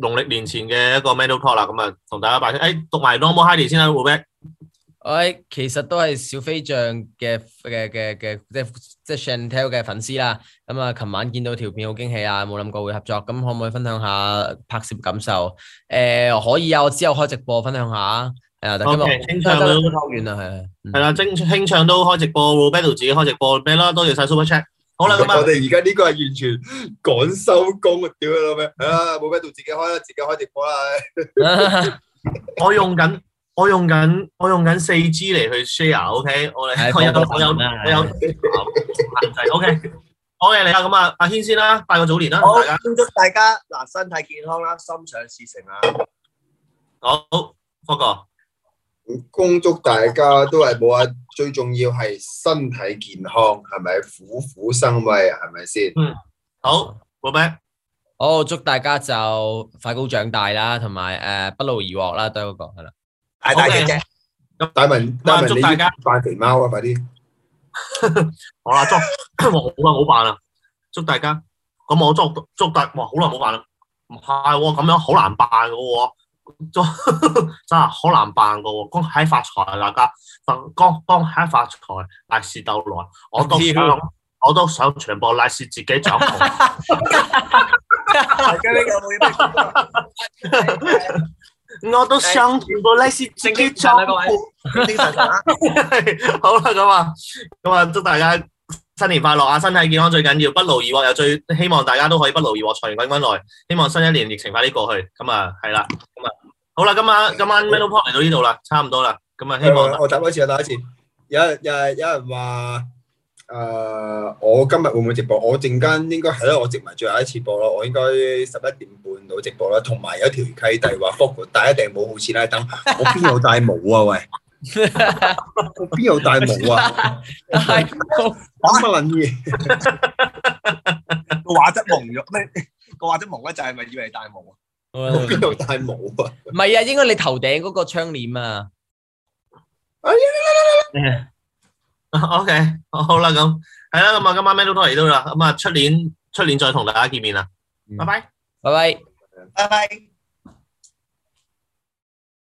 Speaker 1: 農曆年前嘅一個 mental talk 啦。咁啊，同大家拜聲，誒讀埋 normal Hardy 先啦 w o
Speaker 3: 我係其實都係小飛象嘅嘅嘅嘅，即即 Chantelle 嘅粉絲啦。咁啊，琴晚見到條片好驚喜啊，冇諗過會合作，咁可唔可以分享下拍攝感受？誒，可以啊，我之後開直播分享下。誒，大家清唱都開完啦，係係。係啊，清
Speaker 1: 清唱都開直播，Babel 自己開直播，咩啦？多謝曬 Super Chat。
Speaker 2: 好啦，咁我哋而家呢個係完全趕收工，屌啊？咩啊，冇 Babel 自己開啦，自己開
Speaker 1: 直播啦。我用緊。我用緊我用緊四 G 嚟去 share，OK，我哋我有我有我有限制 有 ，OK，我嘅你啦，咁啊，阿軒先啦，拜個早年啦，
Speaker 2: 好，恭祝大家嗱、啊，身體健康啦，心想事成啦、啊，好，福哥，恭祝大家都係冇啊，最重要係身體健康，係咪？虎虎生威，係咪先？嗯，
Speaker 3: 好，冇咩，好，祝大家就快高長大啦，同埋誒不勞而獲啦，都嗰、那個係啦。
Speaker 2: 大嘅，咁戴文，戴文，你扮肥貓啊，快啲
Speaker 1: 好啦，祝！好啊！好扮啦，祝大家。咁我裝，祝大哇好耐冇扮啦，唔係咁樣好難扮噶、啊， 真係好難扮噶、啊。恭喜發財，大家恭、恭喜發財，利是到來，我都想，啊、我都想全部利是自己掌
Speaker 4: 控。哈哈哈哈哈！哈
Speaker 1: 我都想全部，不過呢次啲進步。好啦，咁啊，咁啊， 祝大家新年快樂啊！身體健康最緊要，不勞而獲又最希望大家都可以不勞而獲，財源滾滾來。希望新一年疫情快啲過去。咁啊，係啦，咁啊，好啦，今晚今晚都嚟到呢度
Speaker 2: 啦，差唔多啦。咁啊，希望我打多次，打多次。有，又有，有，有人話。誒、uh，我今日會唔會直播？我陣間應該係咧，我直埋最後一次播咯。我應該十一點半到直播啦。同埋有一條契弟話復我帶頂帽好似拉登，我邊有帶帽啊？喂， 我邊有帶帽啊？講乜林二？畫質矇咗咩？個畫質矇咧就係咪以為帶帽， 帽啊？
Speaker 3: 我邊度帶帽啊？唔係啊，應該你頭頂嗰個窗簾啊。
Speaker 1: OK，好啦，咁係啦，咁啊，今晚咩都都嚟到啦，咁啊，出年出年再同大
Speaker 4: 家見面啦，拜拜，拜拜，拜拜。